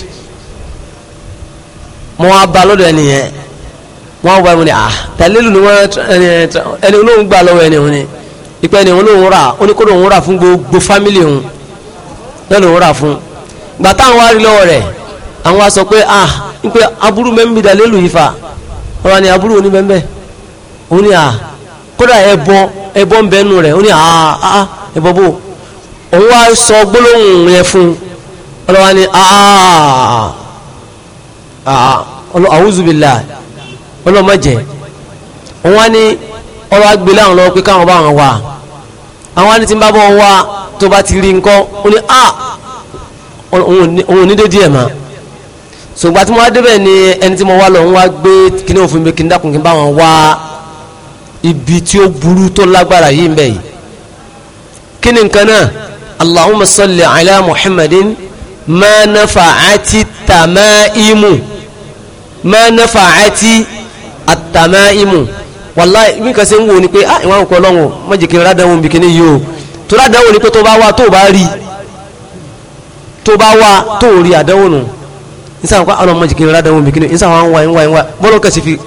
Speaker 3: mo wá ba lọ́dọ̀ ẹni yẹn wọ́n wá mo ní à ìdálélù ni wọ́n ẹni olóhùn gbà lọ́wọ́ ẹni òun ni ìpẹ́ ẹni olóhùn rà oníkóró òun rà fún gbogbo fámìlì òun lọ́nà òun rà fún gbà táwọn wá rí lọ́wọ́ rẹ̀ àwọn wa sọ pé ah ń pé aburú mẹ́mbì dà lélù yìí fa ọ̀rọ̀ ni aburú òní mẹ́mbẹ́ ó ní ah kódà ẹbọ ẹbọ ń bẹnu rẹ̀ ó ní ah, ah ah ẹbọ bò òun wá sọ gbólóhùn yẹn fún ọ̀rọ̀ wa ni ah ah àwùzùbìlà ah, ọlọ́mọ̀jẹ̀ òun wá ní ọ̀rọ̀ agbèlè àwọn lọ́wọ́ pé káwọn bá wọn wà àwọn wá ní ti ń bá bọ́ wọn wá tó bá ti rí nǹkan ó ní ah òun ní dédé ẹ̀ mà sògbà tí mo wá débẹ̀ ni ẹni tí mo wá lọ ń wá gbé kíní òfin mi kí n dákun kí n bá wọn wá ibi tí ó burú tó lágbára yìí ń bẹ yìí kí nǹkan náà allahumma salli ala muhammadin ma nafa'ati tamaimu ma nafa'ati atamaimu wàláì mi kàn ṣe ń wò ni pé ah ìwà ń kọ́ lọ́wọ́ má jẹ́ kí n rádàwọ̀ nbìkíní yìí o tó rádàwọ̀ ni pé tó bá wà tó bá rí i tó bá wá tó rí àdánwò nù nísàwọn kó àwọn ọmọ jìkìrì ládánwò mi kìnnì nísàwọn àwọn wáyé wáyé wáyé bọ́lọ́ kẹsì fi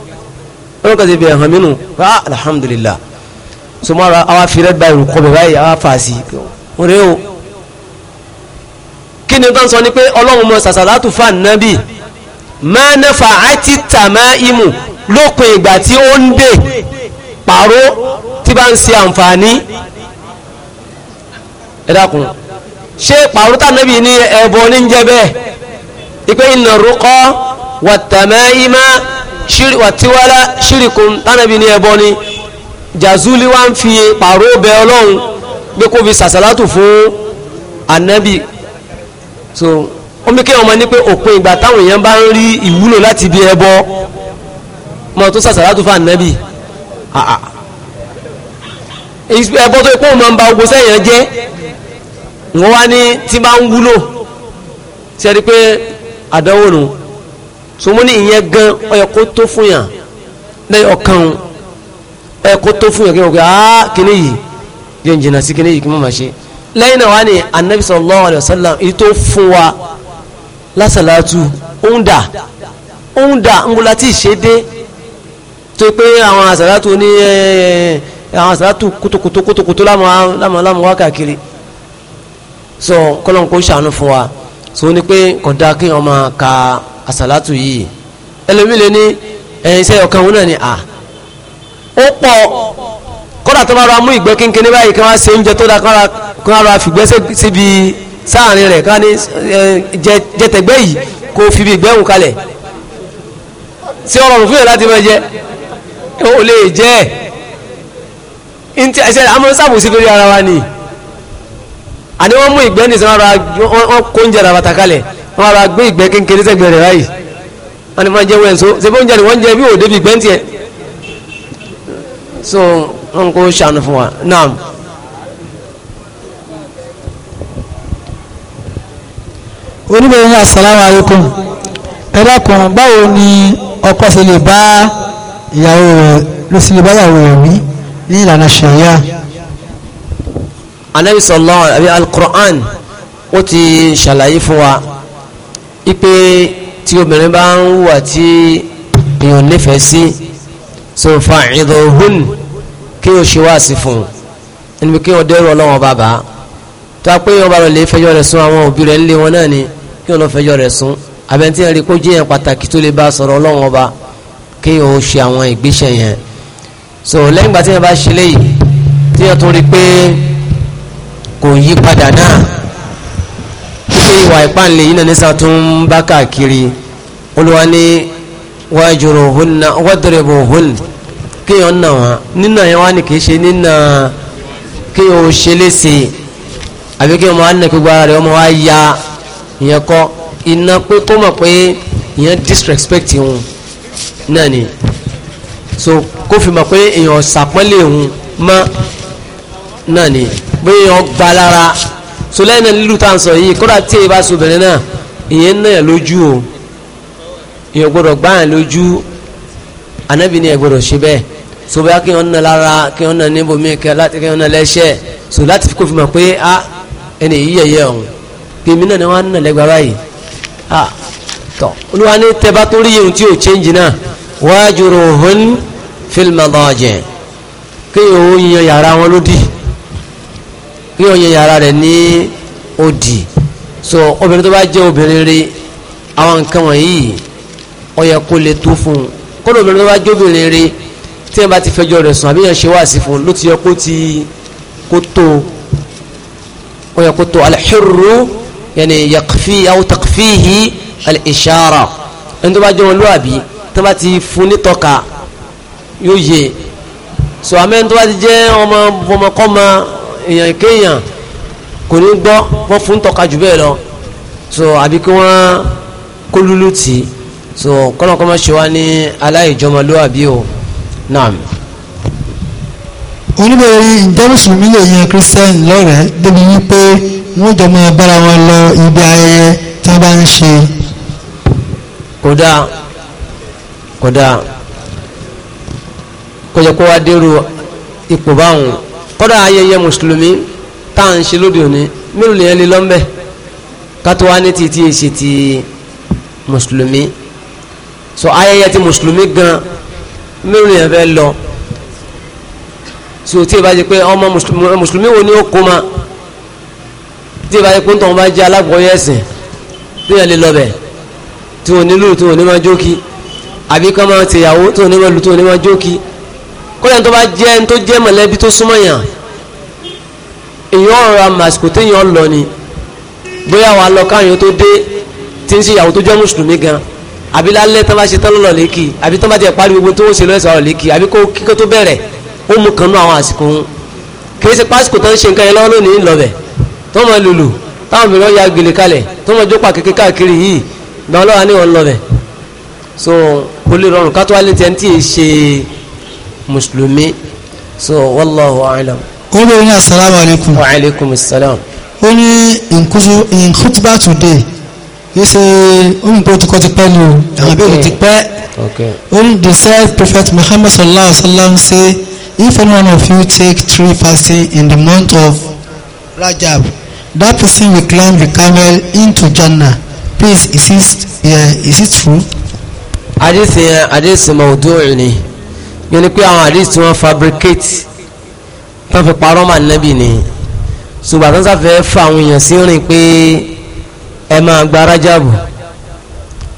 Speaker 3: bọ́lọ́ kẹsì fi ẹ̀hàn mi nù bá ah, alhamdulillah sọmọ́ra àwọn afirẹ́ gba ìrùkọ́ bẹ̀ báyìí àwọn afàásì rèé o kí ni tán sọ ni pé ọlọ́run mọ sàṣàlátù fà nábì mẹ́nẹ́fà àti tàmá imù lópin ìgbà tí ó ń dè pàró tí bá ń ṣe àǹfààní ẹ dákun ṣé pàrútà nàbì ní ẹbọ ní jẹbẹ ipe iná rúkọ wàtàmẹ́yìmá wàtíwálá ṣírìkùn tánàbì ní ẹbọ ní jazuli wa ń fi pàró bẹ ọlọ́run pé kó fi sàṣàlátù fún ànábì so ó mi kí ọmọ ní pé òpin ìgbà táwọn èèyàn bá ń rí ìwúlò láti bí ẹbọ mọ tó sàṣàlátù fún ànábì ẹbọ tó ikú mọ ń ba ogun sẹ́yìn jẹ́ wọ́n wá ní tí bá ń wúlò tí a rí pé àdánwò nù so mo ní ìyẹn gan ó yẹ kó tó fún yàn lẹ́yìn ọkàn ó kó tó fún yàn kí wọ́n pé aaa kíní yìí yẹ ń jìnnà sí kíní yìí kí wọ́n máa ṣe lẹ́yìn náà wá ní anabi sallallahu alayhi wa sallam èyí tó fún wa lásàlátù ó ń dà ó ń dà ń gbọ́dọ̀ láti ṣe dé tó pé àwọn àsàlátù ní eh, eh, eh, àwọn àsàlátù kótókótó kótókótó láwọn láwọn wákàkiri so kọ́lọ́n kó ṣàánú fún wa so ní pé kọ̀dá kí wọ́n máa ka àsàlátù yìí ẹlòmíì ní ẹ̀yìn iṣẹ́ ọ̀kan òun náà ni a. ó pọ̀ kódà tó bá ra mú ìgbẹ́ kínkínní báyìí kí wọ́n ṣe oúnjẹ tó dáa kí wọ́n ra fìgbẹ́ síbi sáàrin rẹ̀ kí wọ́n ní jẹtẹ̀gbẹ́ yìí kó fi bí ìgbẹ́ òun kalẹ̀ tí ọ̀rọ̀ òfin láti máa jẹ ó lè jẹ́ ẹ̀ ẹ̀ ṣe àmọ́ sábòsí lórí ara wa nìyí àní wọ́n mú ìgbẹ́ ní sọ́nà wọ́n kó oúnjẹ rà bàtà kalẹ̀ wọ́n rà gbé ìgbẹ́ kékeré sẹ́gbẹ̀ẹ́ rẹ̀ báyìí wọ́n ní máa jẹ́ wẹ̀ ńso ṣe fóúnjẹ ni wọ́n jẹ́ bí ò débi ìgbẹ́ ń tiẹ̀ so wọ́n kó ṣàánú fún wa naam.
Speaker 4: oníbẹ̀rẹ̀ ní asalaamu alaykum ẹ dákun báwo ni ọkọ ṣe lè bá
Speaker 3: ìyàwó rẹ̀ ló sì lè bá ìyàwó rẹ̀ wí ní ìlànà ṣẹ̀yà anabi sallallahu àbí alukur'an ó ti ṣàlàyé fún wa ipe tí obìnrin bá ń wà tí èèyàn nífẹ̀ẹ́ sí so fa ìdòhún kí o ṣe wá sí fún un ẹni kí o dẹ́rù ọlọ́wọ́n bàbá tó a pé yóò bá lọ lè fẹjọ́ rẹ̀ sùn àwọn òbí rẹ̀ ń lé wọn náà ni kí o lọ fẹjọ́ rẹ̀ sùn abẹ́ntí ẹ̀rí kó jẹ́ yẹn pàtàkì tó lè bá sọ̀rọ̀ ọlọ́wọ́n ọba kí o ṣe àwọn ìgbésẹ̀ yẹn so lẹ́yìn ìgbà tí yẹn bá ṣe léyìí tí yẹn tún rí pé kò yí padà náà ṣé ìwà ìpáǹlẹ̀ yìí náà nísà tó ń bá káàkiri olúwa ní wajruhunna wadribuhunna kéèyàn nà wọn nínà yẹn wá ní kì í ṣe nínà kéèyàn ò ṣe léṣe àbí kéèyàn máa nà gbogbo ara rẹ̀ ọmọ wa ya ìyẹn kọ́ iná pé kó mọ̀ pé ìyẹn disrespect wọn náà ni so kó fi mọ̀ pé èèyàn ṣàpọ́nlé wọn mọ́ náà ni pé ọgbà lára so lẹ́yìn lílù tá à ń sọ yìí kódà tí èyí bá so obìnrin náà ìyẹn ń náyà lójú o èyàn gbọ́dọ̀ gbá yàn lójú anábì ni ẹ̀ gbọ́dọ̀ ṣe bẹ́ẹ̀ so bóyá kí wọ́n na lára kí wọ́n na níbòmí kí wọ́n na lẹ́ṣẹ̀ so láti fi kó fi mọ̀ pé a ẹni yìí yẹ̀yẹ́ ọ̀hún pèmí náà ni wọ́n á nà báyìí a tọ̀ olúwa ní tẹ́bá tó rí yẹn tí ò change náà wájú rò hún fílmù àbáwọ̀jẹ̀ kéèyàn ó yan yàrá wọn lódì yóò yan yàrá rẹ̀ ní òdì so obìnrin tó bá jẹ́ obìnrin rí àwọn nǹkan wọ̀nyí ó yẹ kó lè tó fún un kódà obìnrin tó bá jẹ́ obìnrin rí tí wọn bá ti fẹjọ́ rẹ̀ sùn àbí yẹn ṣe wá sí fún un ló ti yẹ kó ti kó tó ó kó tó alḥirru yẹni yaqfi aw taqfihi al ẹni tó bá jẹ́ wọn lóàbí tó bá ti fún nítọ́ka yóò yẹ so àmẹ́ni tó bá ti jẹ́ ọmọ ọmọkọ́mọ èèyàn kéèyàn kò ní gbọ́ wọ́n fún tọ́ka jù bẹ́ẹ̀ lọ so àbí kí wọ́n kó lulu tì í so kọ́nàkọ́nà ṣe wá ní aláìjọmọlúwàbí o naam. oníbẹ̀rẹ̀ ǹjẹ́ mùsùlùmí
Speaker 4: lè yan kírísítẹ́nì lọ́rẹ̀ẹ́ débi wípé wọ́n jọ máa bára wọn lọ ibi ayẹyẹ
Speaker 3: tí wọ́n bá ń ṣe. kò dáa kò dáa kò yẹ kó wá dérò ipò báwọn kọ́dọ̀ ayẹyẹ mùsùlùmí tá à ń ṣe lóde òní mélòó lèyẹn lè lọ́mbẹ̀ kátó wá ní títí èsì ti mùsùlùmí so ayẹyẹ ti mùsùlùmí gan mélòó lèyẹn fẹ́ lọ so tí ì bá jẹ́ pé ọmọ mùsùlùmí wo ni ó kó ma tí ì bá jẹ́ pé ń tọ́ wọn bá jẹ́ alágbọ̀ọ́yẹ ẹ̀sìn lèyẹn lè lọ́bẹ̀ tí wọn nílùú tí wọn ní máa jókì àbí kọ́ máa tèyàwó tí wọn ní máa lù tí wọn ní máa jókì kọ́lẹ̀ tó bá jẹ́ ẹni tó jẹ́ mọ̀lẹ́bí tó súnmọ́ yàn èèyàn ọ̀rọ̀ àmàsìkò téèyàn lọ ni bóyá wàá lọ káàyàn tó dé tí ń ṣe ìyàwó tó jẹ́ mùsùlùmí gan àbí lálẹ́ tán bá ṣe tán lọ́lọ́ lékì àbí tán bá ti parí gbogbo tó ń ṣe lọ́sẹ̀ ọ̀rọ̀ lékì àbí kó kíkọ́ tó bẹ̀rẹ̀ ó mú kan àwọn àsìkò ń kì í ṣe pásìkò tó ń ṣe nǹkan yẹn lọ́wọ́ lónìí ńlọbẹ̀ tó mọ lùlù táwọn mìíràn ya gèlè kalẹ̀ tó mọ jópa kékeré káàkiri yìí gbọ́n lọ́wọ́ ni wọ́n lọ́bẹ̀ so kò lè rọrùn ká tó wá létí ẹni tí ì ṣe mùsùlùmí so wallahu alam. ó lè ní asalaamu alaykum. wa aleykum salaam.
Speaker 4: ó ní in khutba today yìí ṣe onígbò tí kò ti pẹ́ ni o àwọn abẹ́rẹ́ ti pẹ́. ó ní the said prophet muhammad sallallahu alayhi wa sallam say if anyone of you take three fasting in the month of rajab that person will climb the camel into jannah please is it, yeah? is it true.
Speaker 3: adisi adisi mawdu'i ni yẹn ni pé àwọn àdéhùn tí wọ́n fabricate tó fi parọ́ mà nẹ́bì ni ṣùgbọ́n àtúnṣe àfẹ́ fa àwọn èèyàn sí rìn pé ẹ máa gba rájàbù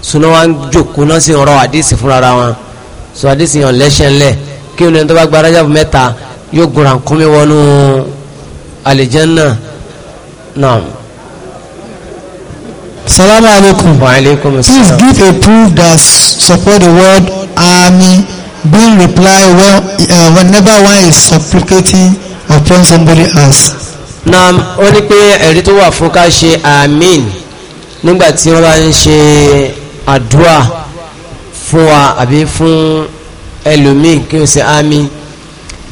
Speaker 3: ṣùnà wọn jòkó náà sì ń rọ àdéhùn fúnra wọn ṣùgbọ́n àdéhùn yẹn lẹ́sẹ̀ kí ni tó bá gba rájàbù mẹ́ta yóò gbọ́ra nkúmi wọnú àlìjẹ́nà náà. salamu alaykum. salaam. please give a
Speaker 4: proof that support the word army being replied when, uh, whenever one is supplicating upon
Speaker 3: somebody else. na ó ní pé ẹ̀rí tó wà fún ká ṣe àmín nígbà tí wọ́n bá ń ṣe àdúrà fún wa àbí fún ẹlòmíì kí n ṣe àmín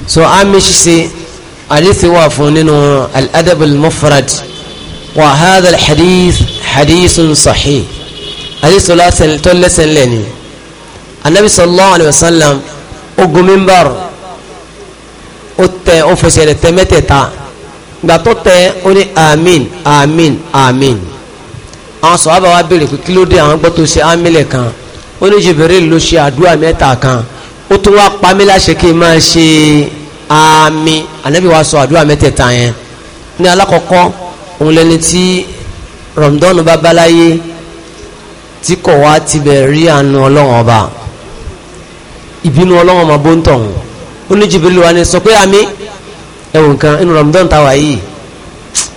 Speaker 3: so àmín ṣíṣe àdìsí wà fún nínú al-adab al-mufrad wa hadha al-hadith hadithun sahih àdìsí tó lẹ́sẹ̀ lẹ́ni anabi sallallahu alayhi wa sallam ó gun mímbàr ó tẹ ó fẹsẹ̀ rẹ̀ tẹ mẹ́tẹ̀ẹ̀ta gbàtọ́ tẹ ó ní àmín àmín àmín àwọn sọ̀hábà wa béèrè pé kí ló dé àwọn gbọ́ tó ṣe ámílẹ̀ kan ó ní Jibril ló ṣe àdúrà mẹ́ta kan ó tún wá pa mí láṣẹ kí n máa ṣe àmì ànábì wa sọ àdúrà mẹ́tẹ̀ẹ̀ta yẹn ní alákọ̀ọ́kọ́ òun lẹni tí rọ̀mdọ́nù bá báláyé tí kò wá tibẹ̀ rí àánú ọlọ́run ọba ìbínú ọlọ́wọ́n máa bó ń tọ̀hún ó ní Jibril wa ni sọ pé àmì ẹ̀wọ̀n nǹkan inú Ramadan ta wà yìí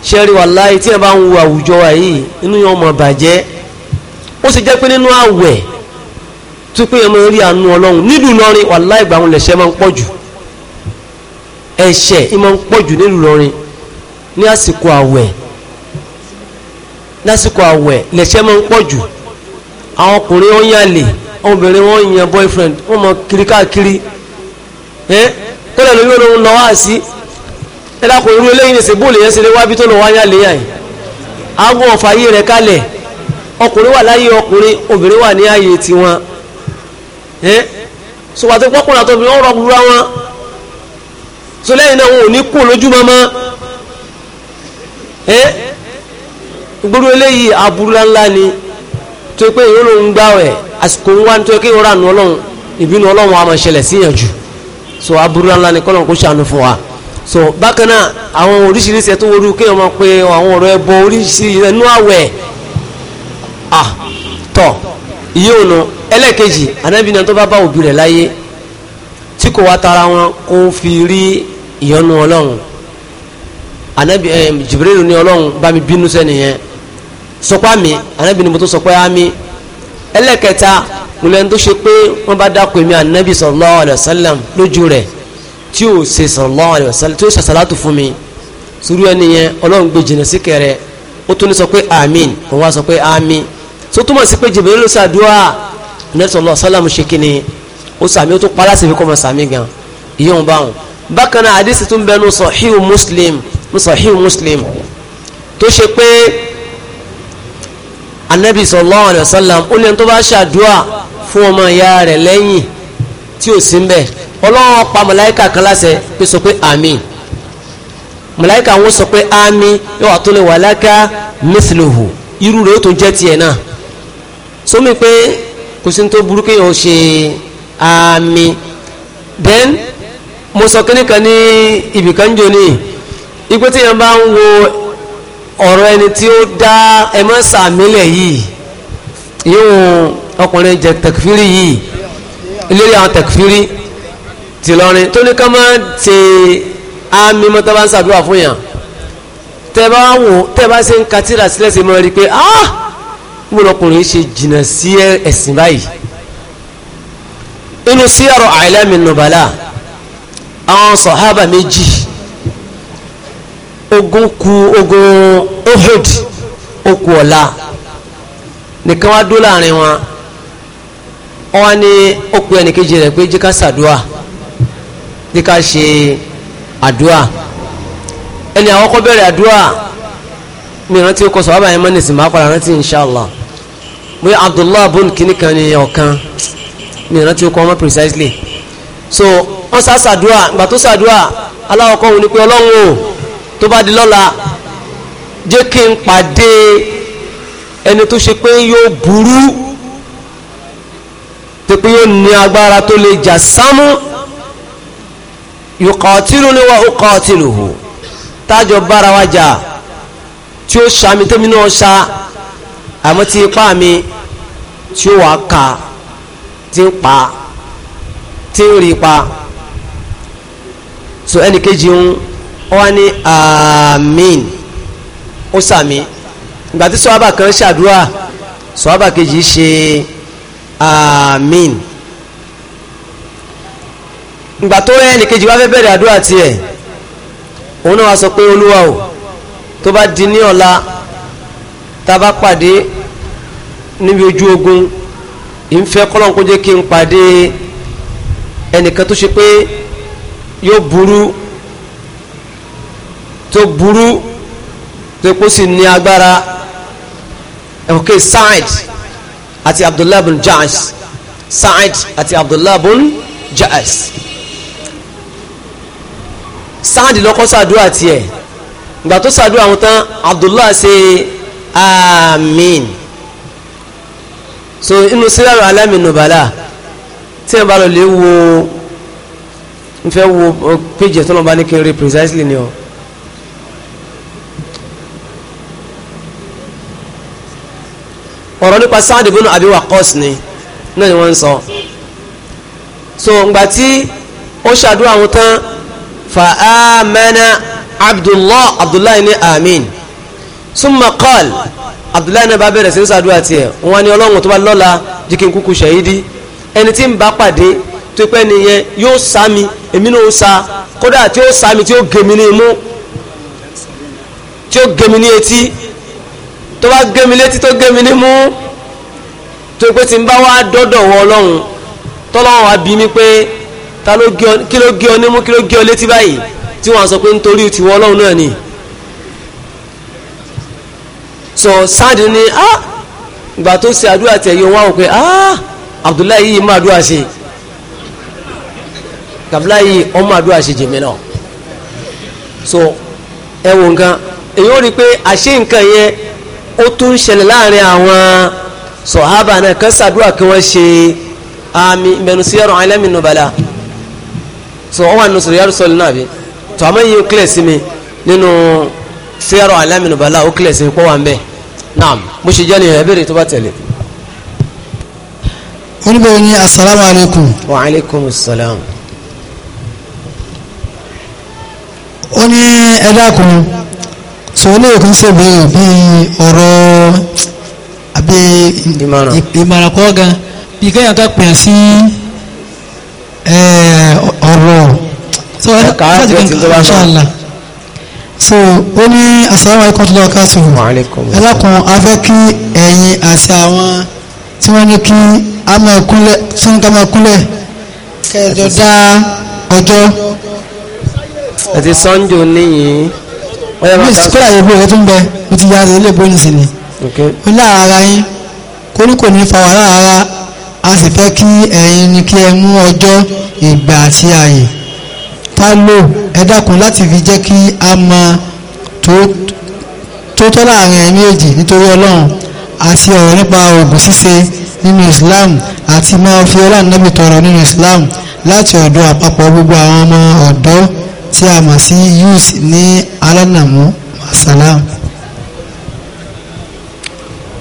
Speaker 3: ṣẹ́rí wàláhí tí ẹ bá ń wo àwùjọ wa yìí inú yẹn ọmọ bàjẹ́ ó sì jẹ́ pé nínú àwẹ̀ tó pé ẹmọ rí àánú ọlọ́run nílùú lọ́rin wàláhí ìgbà wọn lẹ̀ṣẹ̀ máa ń pọ̀ jù ẹ̀ṣẹ̀ ìmọ̀ ń pọ̀ nílùú lọ́rin ní àsìkò àwẹ̀ lásìkò àwẹ̀ lẹ̀ṣẹ̀ máa ń pọ̀ àwọn ọkùnrin ó ń yàlè obìnrin wọn yan boyfriend wọn mọ kiri káàkiri ẹ kọlẹ lórí olóhùn lọ wá sí ẹ dákun irú eléyìí ní sèbóòlù yẹn ṣe lé wábí tó lọ wáyà léyà yìí aago ọ̀fà yìí rẹ̀ kalẹ̀ ọkùnrin wà láyé ọkùnrin obìnrin wà ní ààyè tiwọn ẹ pọ́kùnrin àti obìnrin wọn rọ gbúra wọn ni tó pé ló ń gbá àsìkò ń wá nítorí kí ìrora nu ọlọ́run ìbínú ọlọ́run wa máa ṣẹlẹ̀ síyàn so aburú ńlá ni kọ́lọ́n kó ṣàánú fún wa so bákan náà àwọn oríṣiríṣi ẹ̀tọ́ wọlé kéèyàn máa pe àwọn ọ̀rọ̀ ẹbọ oríṣiríṣi ẹnu àwẹ̀ ah tọ̀ iye ònà ẹlẹ́ẹ̀kejì anábì náà tó bá bá òbí rẹ̀ láyé tí kò wá tara wọn kó fi rí ìyọnu ọlọ́run anábì ẹ̀ Jibril ní ọlọ́run bá mi bínú sẹ́niyẹn sọpá mi anábì ni mo tó sọpá yá mi ẹlẹ́kẹta múlẹ̀ tó ṣe pé wọ́n bá dákọ̀ èmi ànábì sallallahu alayhi wa sallam lójú rẹ̀ tí ò ṣe sallallahu alayhi wa sallam tí ó ṣàṣàlátù fún mi sùúrù ẹni yẹn ọlọ́run gbé jìnnà sí kẹrẹ ó tún ní sọ pé àmín òun wá sọ pé àmín tó túmọ̀ sí pé Jibril ló ṣàdúrà ànábì sallallahu alayhi wa sallam ṣe kíni ó sàmì ó tún pa láti fi kọ́ ọmọ sàmì gan ìyóhun báwọn bákan náà àdìsí tún bẹnu Sahihu Muslim Sahihu Muslim tó ṣe pé anabi sallallahu alayhi wa sallam ó lẹ́nu tó bá ṣàdúrà fún ọmọ ìyá rẹ̀ lẹ́yìn tí ò sí ń bẹ̀ ọlọ́run pa màláíkà kan láṣẹ pé sọ pé àmín màláíkà wọn sọ pé àmín yóò wà tó lè wà láká mithluhu irú rẹ̀ ó tún jẹ́ tiẹ̀ náà sómi pé kò sí tó burú kéèyàn ṣe àmì then mo sọ kíní ní ibìkan jò ní bá ń wo ọ̀rọ̀ ẹni tí ó dá ẹmọ́ sàmílẹ̀ yìí yóò ọkùnrin jẹ tẹkifiri yìí eléré àwọn tẹkifiri ti lọrin tó ní ká máa ti àmì mọ́tàbá ń sàdúrà fún yàn tẹ́ bá wò tẹ́ bá ṣe ń katira sílẹ̀ sí mọ́ rí pé ah mo lọkùnrin ṣe jìnnà sí ẹ̀sìn báyìí inú sí ọ̀rọ̀ àìlẹ́mìnú bàlá àwọn sọ̀hábà méjì ogun ku ogun ohud okù ọ̀la nìkan wá dó láàrin wọn wọn wá ní okù ẹnìkejì rẹ̀ pé jíká sàdúà jíká ṣe àdúà ẹni àwọn kọ́ bẹ̀rẹ̀ àdúà ní ìrántí ó kọ sọ wábàá yẹn mọ́ nìsín máa padà rántí inṣàlá abdullahi abun kìíní kan ní ọ̀kan ní ìrántí ó kọ ọmọ precisely so wọn sá sàdúà ìgbà tó sàdúà aláwọ̀ kọ́ wọn ni pé ọlọ́run o tó bá di lọ́la jẹ́ kí n pàdé ẹni tó ṣe pé yóò burú tó pé yóò ní agbára tó lè jà sámú yuqatiluni wa uqatiluhu tájọ bára wa jà tí ó ṣàmì tẹ́mi náà ṣá àmọ́ tí ipá mi tí ó wàá ka tí ń pa tí ń rí pa so ẹnì kejì ń wọ́n Amin, amiin ó sàmì ìgbà tí sọ́ọ́bà kan ṣàdúrà sọ́ọ́bà kejì ṣe amiin ìgbà tó rẹ ẹnìkejì wá fẹ́ bẹ̀rẹ̀ àdúrà tiẹ̀ òun náà wá sọ pé olúwa o tó bá di ní ọ̀la tá bá pàdé níbi ojú ogun ìfẹ́ kọ́lọ́n kí n pàdé ẹnìkan tó ṣe pé yóò burú tó burú tó kó sì ní agbára ok Sa'id àti Abdullah bin Ja'as Sa'id àti Abdullah bin Ja'as Sa'id lọ́kọ́ sàdúrà tiẹ̀ ìgbà tó sàdúrà wọn tán Abdullah ṣe àmín so inú sílẹ̀rọ̀ alámìnúbàlá tí ẹ bá lọ lè wo n fẹ́ wo péjì tó lọ́ba ní kí n rí precisely ni o ọ̀rọ̀ nípa sáàdì bínú àbí wàkọ́ọ̀sì ni náà ni wọ́n ń sọ so ngbà tí ó ṣàdúrà wọn tán fa amana abdullah abdullahi ní amin summa qal abdullahi náà bá bẹ̀rẹ̀ sí ń ṣàdúrà tiẹ̀ wọn ni ọlọ́run tó bá lọ́la jikin kúkú ṣẹ̀yídí ẹni tí ń bá pàdé tó pẹ́ nìyẹn yóò sá mi èmi náà ó sá kódà tí ó sá mi tí ó gé mi ní imú tí ó gé mi ní etí tó bá gé mi létí tó gé mi ní mú tó pé tí n bá wá dọ́dọ̀ wọ ọlọ́run tọ́lọ́run wá bí mi pé ta ló gé ọ kí ló gé ọ ní mú kí ló gé ọ létí báyìí tí wọ́n sọ pé nítorí tiwọ́ ọlọ́run náà ni sọ sáàdì ni ah ìgbà tó ṣe àdúrà tẹ̀ yóò wá wò pé ah Abdullahi yìí má àdúrà ṣe Abdullahi ọmọ àdúrà ṣe jèmi náà so ẹ wò nǹkan èyí ó rí i pé àṣé nǹkan yẹn ó tún ṣẹlẹ̀ láàrin àwọn sọ̀hábà náà kan ṣàdúrà kí wọ́n ṣe àmì ìmẹ̀nusí ọ̀rọ̀ alẹ́mìnú so wọ́n wà nínú sọ̀rọ̀ yàrá sọ̀rọ̀ náà bí tó àmọ́ yìí ó kílẹ̀ sí mi nínú sọ̀rọ̀ alẹ́mìnú bala ó kílẹ̀ sí mi pọ̀ wà ń bẹ̀ náà mo ṣe jẹ́ nìyẹn ẹ̀bẹ̀rẹ̀ tó bá tẹ̀lé. oníbẹ̀rẹ̀ ni asalaamu wa aleykum salaam. ó ní
Speaker 4: ẹ dákun so ilé ìkún ṣe bẹ̀rẹ̀ bí ọ̀rọ̀ àbí ìmọ̀ràn kọ́ gan bí kéèyàn ká pèèyàn sí ọ̀rọ̀ so ṣáàlà so ó ní asalaamu alaykum tó lọ́ọ́ káàtó ẹlẹ́kùn afẹ́ kí ẹ̀yin àti àwọn tí wọ́n ní kí a máa kúnlẹ̀ tí wọ́n ká máa kúnlẹ̀
Speaker 1: kẹjọ dá ọjọ́.
Speaker 3: ẹ ti sọ́njò níyìn
Speaker 1: kọ́lá yẹ bí
Speaker 3: ọ̀rẹ́ tó ń bẹ ó ti yára ilé ìbò nìsín ni ó lára ara
Speaker 4: yín koríko ní fa wàhálà ara a sì fẹ́ kí ẹ̀yin ni kí ẹ mú ọjọ́ ìgbà àti ààyè tá lò ẹ dákun láti fi jẹ́ kí a mọ tó láàrin ẹ̀mí èjì nítorí ọlọ́run àti ọ̀rọ̀ nípa oògùn ṣíṣe nínú Islam àti máa fi ọlá nàbì tọrọ nínú Islam láti ọ̀dọ̀ àpapọ̀ gbogbo àwọn ọmọ ọ̀dọ́ tí a mọ̀ sí youth ní alánàmú masalam.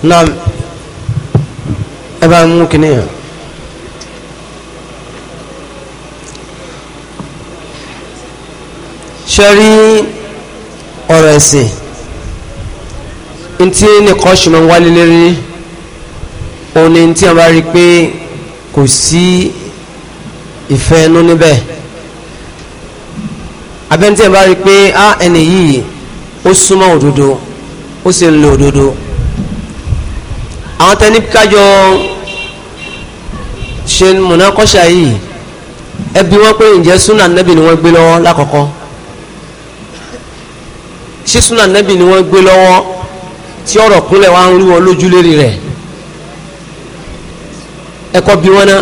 Speaker 3: náà ẹ bá mú kinní yẹn. sẹ́rí ọ̀rọ̀ ẹ̀sìn ntí nìkan ṣùgbọ́n wálé lérí òun ni ntí a bá rí i pé kò sí ìfẹ́ ẹnu níbẹ̀ abẹ́ntí ẹ̀ bá rí i pé á ẹni yìí ó súnmọ́ òdodo ó sì ń lo òdodo àwọn tẹni kájọ ṣe múnákọ́ṣà yìí ẹbí wọn pé ǹjẹ́ súnà nẹ́bì ni wọ́n gbé lọ́wọ́ lákọ̀ọ́kọ́ ṣé súnà nẹ́bì ni wọ́n gbé lọ́wọ́ tí ọ̀rọ̀ kúnlẹ̀ wá ń rú wọn lójú rẹ̀ ẹ̀kọ́ bí wọn náà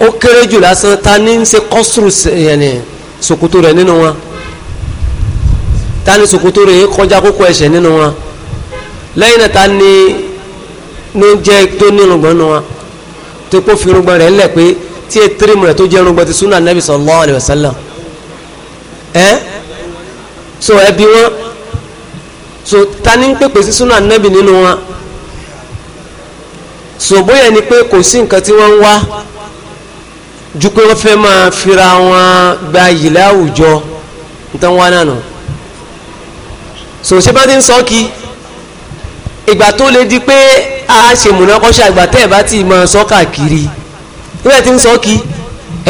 Speaker 3: ó kéré jù lásán ta ní ń ṣe kọ́sùrù yẹn ni ṣòkòtò rẹ̀ nínú wọn ta ni ṣòkòtò rẹ̀ kọjá kókó ẹsẹ̀ nínú wọn lẹ́yìn náà ta ni ló ń jẹ́ tó nírùngbọ̀n nínú wọn tó kó fi irùngbọ̀n rẹ̀ pé tí e tirimu rẹ̀ tó jẹ́ irùngbọ̀n ti sunna nabi sallallahu alayhi wa sallam ẹ́ so ẹ bí wọn so tani ni ń pèpè sí sunna nabi nínú wọn so bóyá ni pé kò sí nǹkan tí wọ́n ń wá ju pé wọ́n fira wọn gba yìlá àwùjọ nítorí wọn náà nù sòṣe bá ti ń sọ kí ìgbà tó lè di pé a ṣe múnakọ́ṣe àgbà tẹ́ ẹ̀ bá ti máa sọ káàkiri nígbà tí ń sọ kí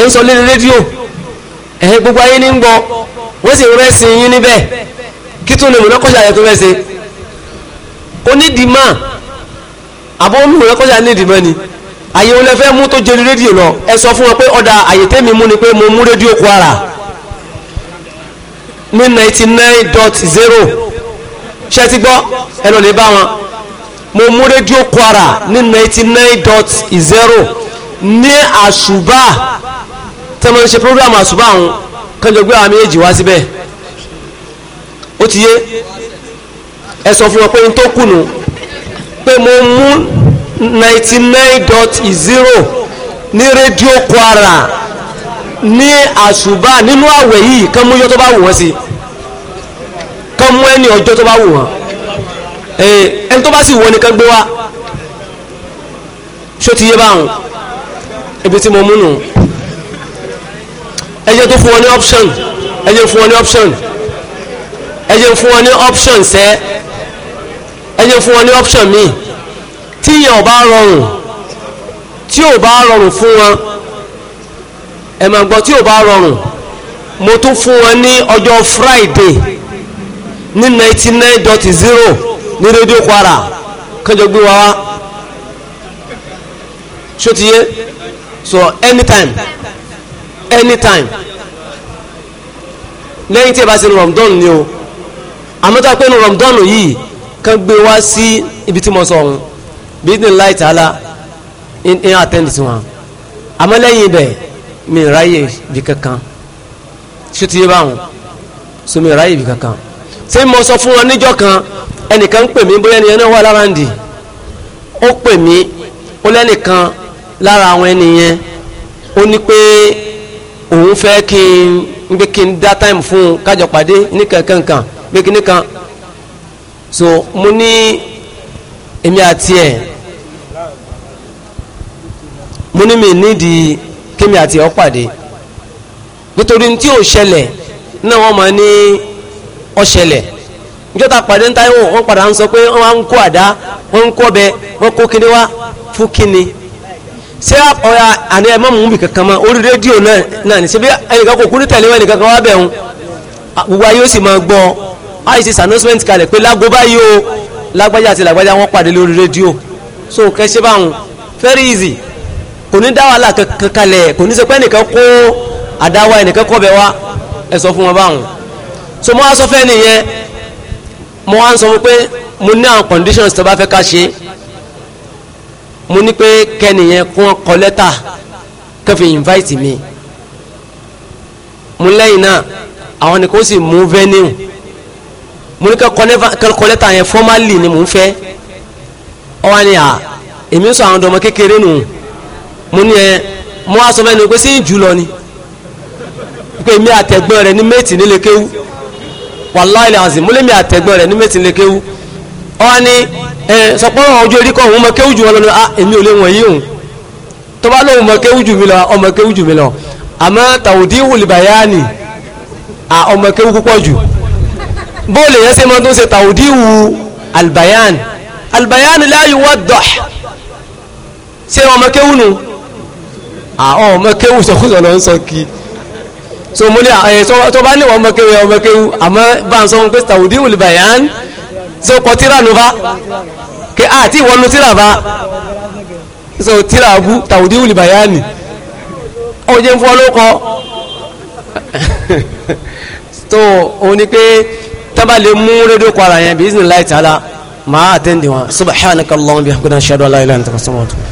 Speaker 3: ẹ̀ ń sọ rédíò ẹ̀ gbogbo ayé ní ń gbọ́ wọ́n sì rẹ́ sin yín níbẹ̀ kí tún lè múnakọ́ṣe àyẹ̀ tó fẹ́ ṣe onídìímà àbọ̀ múnakọ́ṣe ànídìímà ni. Dima, àyè wọn lè fẹ́ mú tó jẹni rédíò lọ ẹ sọ fún wọn pé ọ̀dà àyè tẹ́mi mú ni pé mo mú rédíò Kwara ní ninety nine dot zero ṣe ti gbọ́ ẹ lọ lè bá wọn mo mú rédíò Kwara ní ninety nine dot zero ní àṣùbà tẹ́lẹ̀ ṣe program àṣùbà àwọn kẹjọ gbé àwọn méjèèjì wá síbẹ̀ ó ti yé ẹ sọ fún wọn pé n tó kùnú pé mo mú ninety nine dot zero ní rédíò Kwara ní àṣùbà nínú àwẹ̀ yìí kán mú yọ tó bá wù wọ́n sí kán mú ẹni ọjọ́ tó bá wù wọ́n ẹni tó bá sì wọ́n ni kán gbé wá ṣó ti yé báwọn ibi tí mo múnu ẹjẹ́ tó fún wọn ní option ẹjẹ́ fún wọn ní option ẹjẹ́ fún wọn ní option sẹ́ ẹjẹ́ fún wọn ní option míì tí yẹn ò bá rọrùn tí ò bá rọrùn fún wọn ẹ máa gbọ́ tí ò rọrùn mo tún fún wọn ní ọjọ́ Friday ní ninety nine dot zero ní rédíò Kwara kẹjọ gbé wa wá ṣó ti yé so anytime anytime lẹ́yìn tí ẹ bá ṣe Ramadan ni o àmọ́tá pé ní Ramadan yìí kan gbé wá sí ibi tí mo sọ ọ̀hún bídìn láì ala in àtẹ́ǹdì sí wọn àmọ́ lẹ́yìn mi ráyè bí kankan ṣé ti yé báwọn so mi ráyè bí kankan ṣé mo sọ fún wọn níjọ́ kan ẹnìkan ń pè mí bóyá ẹnìyẹn náà wà lára ń dì ó pè mí ó lẹ́nìkan lára àwọn ẹnìyẹn ó ní pé òun fẹ́ kí n gbé kí n dá táìmù fún un kájọ pàdé ní kankan gbé kí ní kan so mo ní èmi àti ẹ̀ mo ní mi nídìí kémi àti ọ pàdé nítorí tí ò ṣẹlẹ̀ náà wọ́n máa ní ọ ṣẹlẹ̀ níjọ́ta pàdé ń táyọ̀ wọ́n padà ń sọ pé wọ́n á ń kó àdá wọ́n ń kó ọbẹ̀ wọ́n kó kíni wá fún kíni ṣé ọ̀ya àní ẹ̀ mọ́mú mi kankan mọ́ orí rédíò náà ní síbi ẹnìkan kò kú ní tẹ̀lé ẹnìkan kan wá bẹ̀ ń gbogbo ayé ó sì máa gbọ́ àìsí announcement kalẹ̀ pé lágbo báyìí o lágbájá àti làgbájá wọ́n pàdé lórí rédíò so kẹ́ ṣe báwọn very easy kò ní dá wàhálà kankan kalẹ̀ kò ní sọ pé ẹnìkan kó àdáwà ẹnìkan kọ́ bẹ wá ẹ sọ fún wọn báwọn so mo wá sọ fẹ́ nìyẹn mo wá ń sọ pé mo ní àwọn conditions tó bá fẹ́ ká ṣe mo ní pé kẹ́nìyẹn kún ọkọ lẹ́tà kẹfì invite mi mo lẹ́yìn náà àwọn ni kò sì mú venue mo ní kẹ́kọ̀ọ́ lẹ́tà yẹn formally ni mo ń fẹ́ ọ wá ní à èmi ń sọ àwọn ọmọ kékeré nù mo ní ẹ mo wá sọ fẹ́ni pé sí ìjù lọ ni pé mi àtẹ̀gbọ́n rẹ̀ ní méètì nílé kéwú wàláhì àzì mo lé mi àtẹ̀gbọ́n rẹ̀ ní méètì nílé kéwú ọwọ́ ni ẹ sọpọ́n ọjọ́ orí kọ́ òun mọ kéwú jù wọn lọ́nà ah èmi ò lè wọ̀nyí òun tó bá lóun mọ kéwú jù mí lọ ọmọ kéwú jù mí lọ àmọ́ tàwùdí wùlìbàyáàni ọmọ kéwú púpọ̀ jù bóòlù yẹn ṣe máa tó ṣe tàwùdí wù albayan albayan láàyè wọ́n ṣé ọmọ kéwú nù àwọn ah, oh, ọmọkéwù sọkúsọ lọ ń sọ kí so mo ní ẹ eh, tó bá níwọ̀n ọmọkéwù ọmọkéwù àmọ́ bá ń sọ wọn pé tàwùdí wùlùbàyàn so kọ tíra nu bá kí àti ah, ìwọ́nu tíra bá so tíra bú tàwùdí wùlùbàyàn ó jẹ́ fún ọlọ́kọ tó òun ni pé tábà lè mú rédíò kwara yẹn bí ìsìn láì tààlà máa àtẹ́ndì wọn subhanakallahumma bihamdika ashhadu an la ilaha illa anta astaghfiruka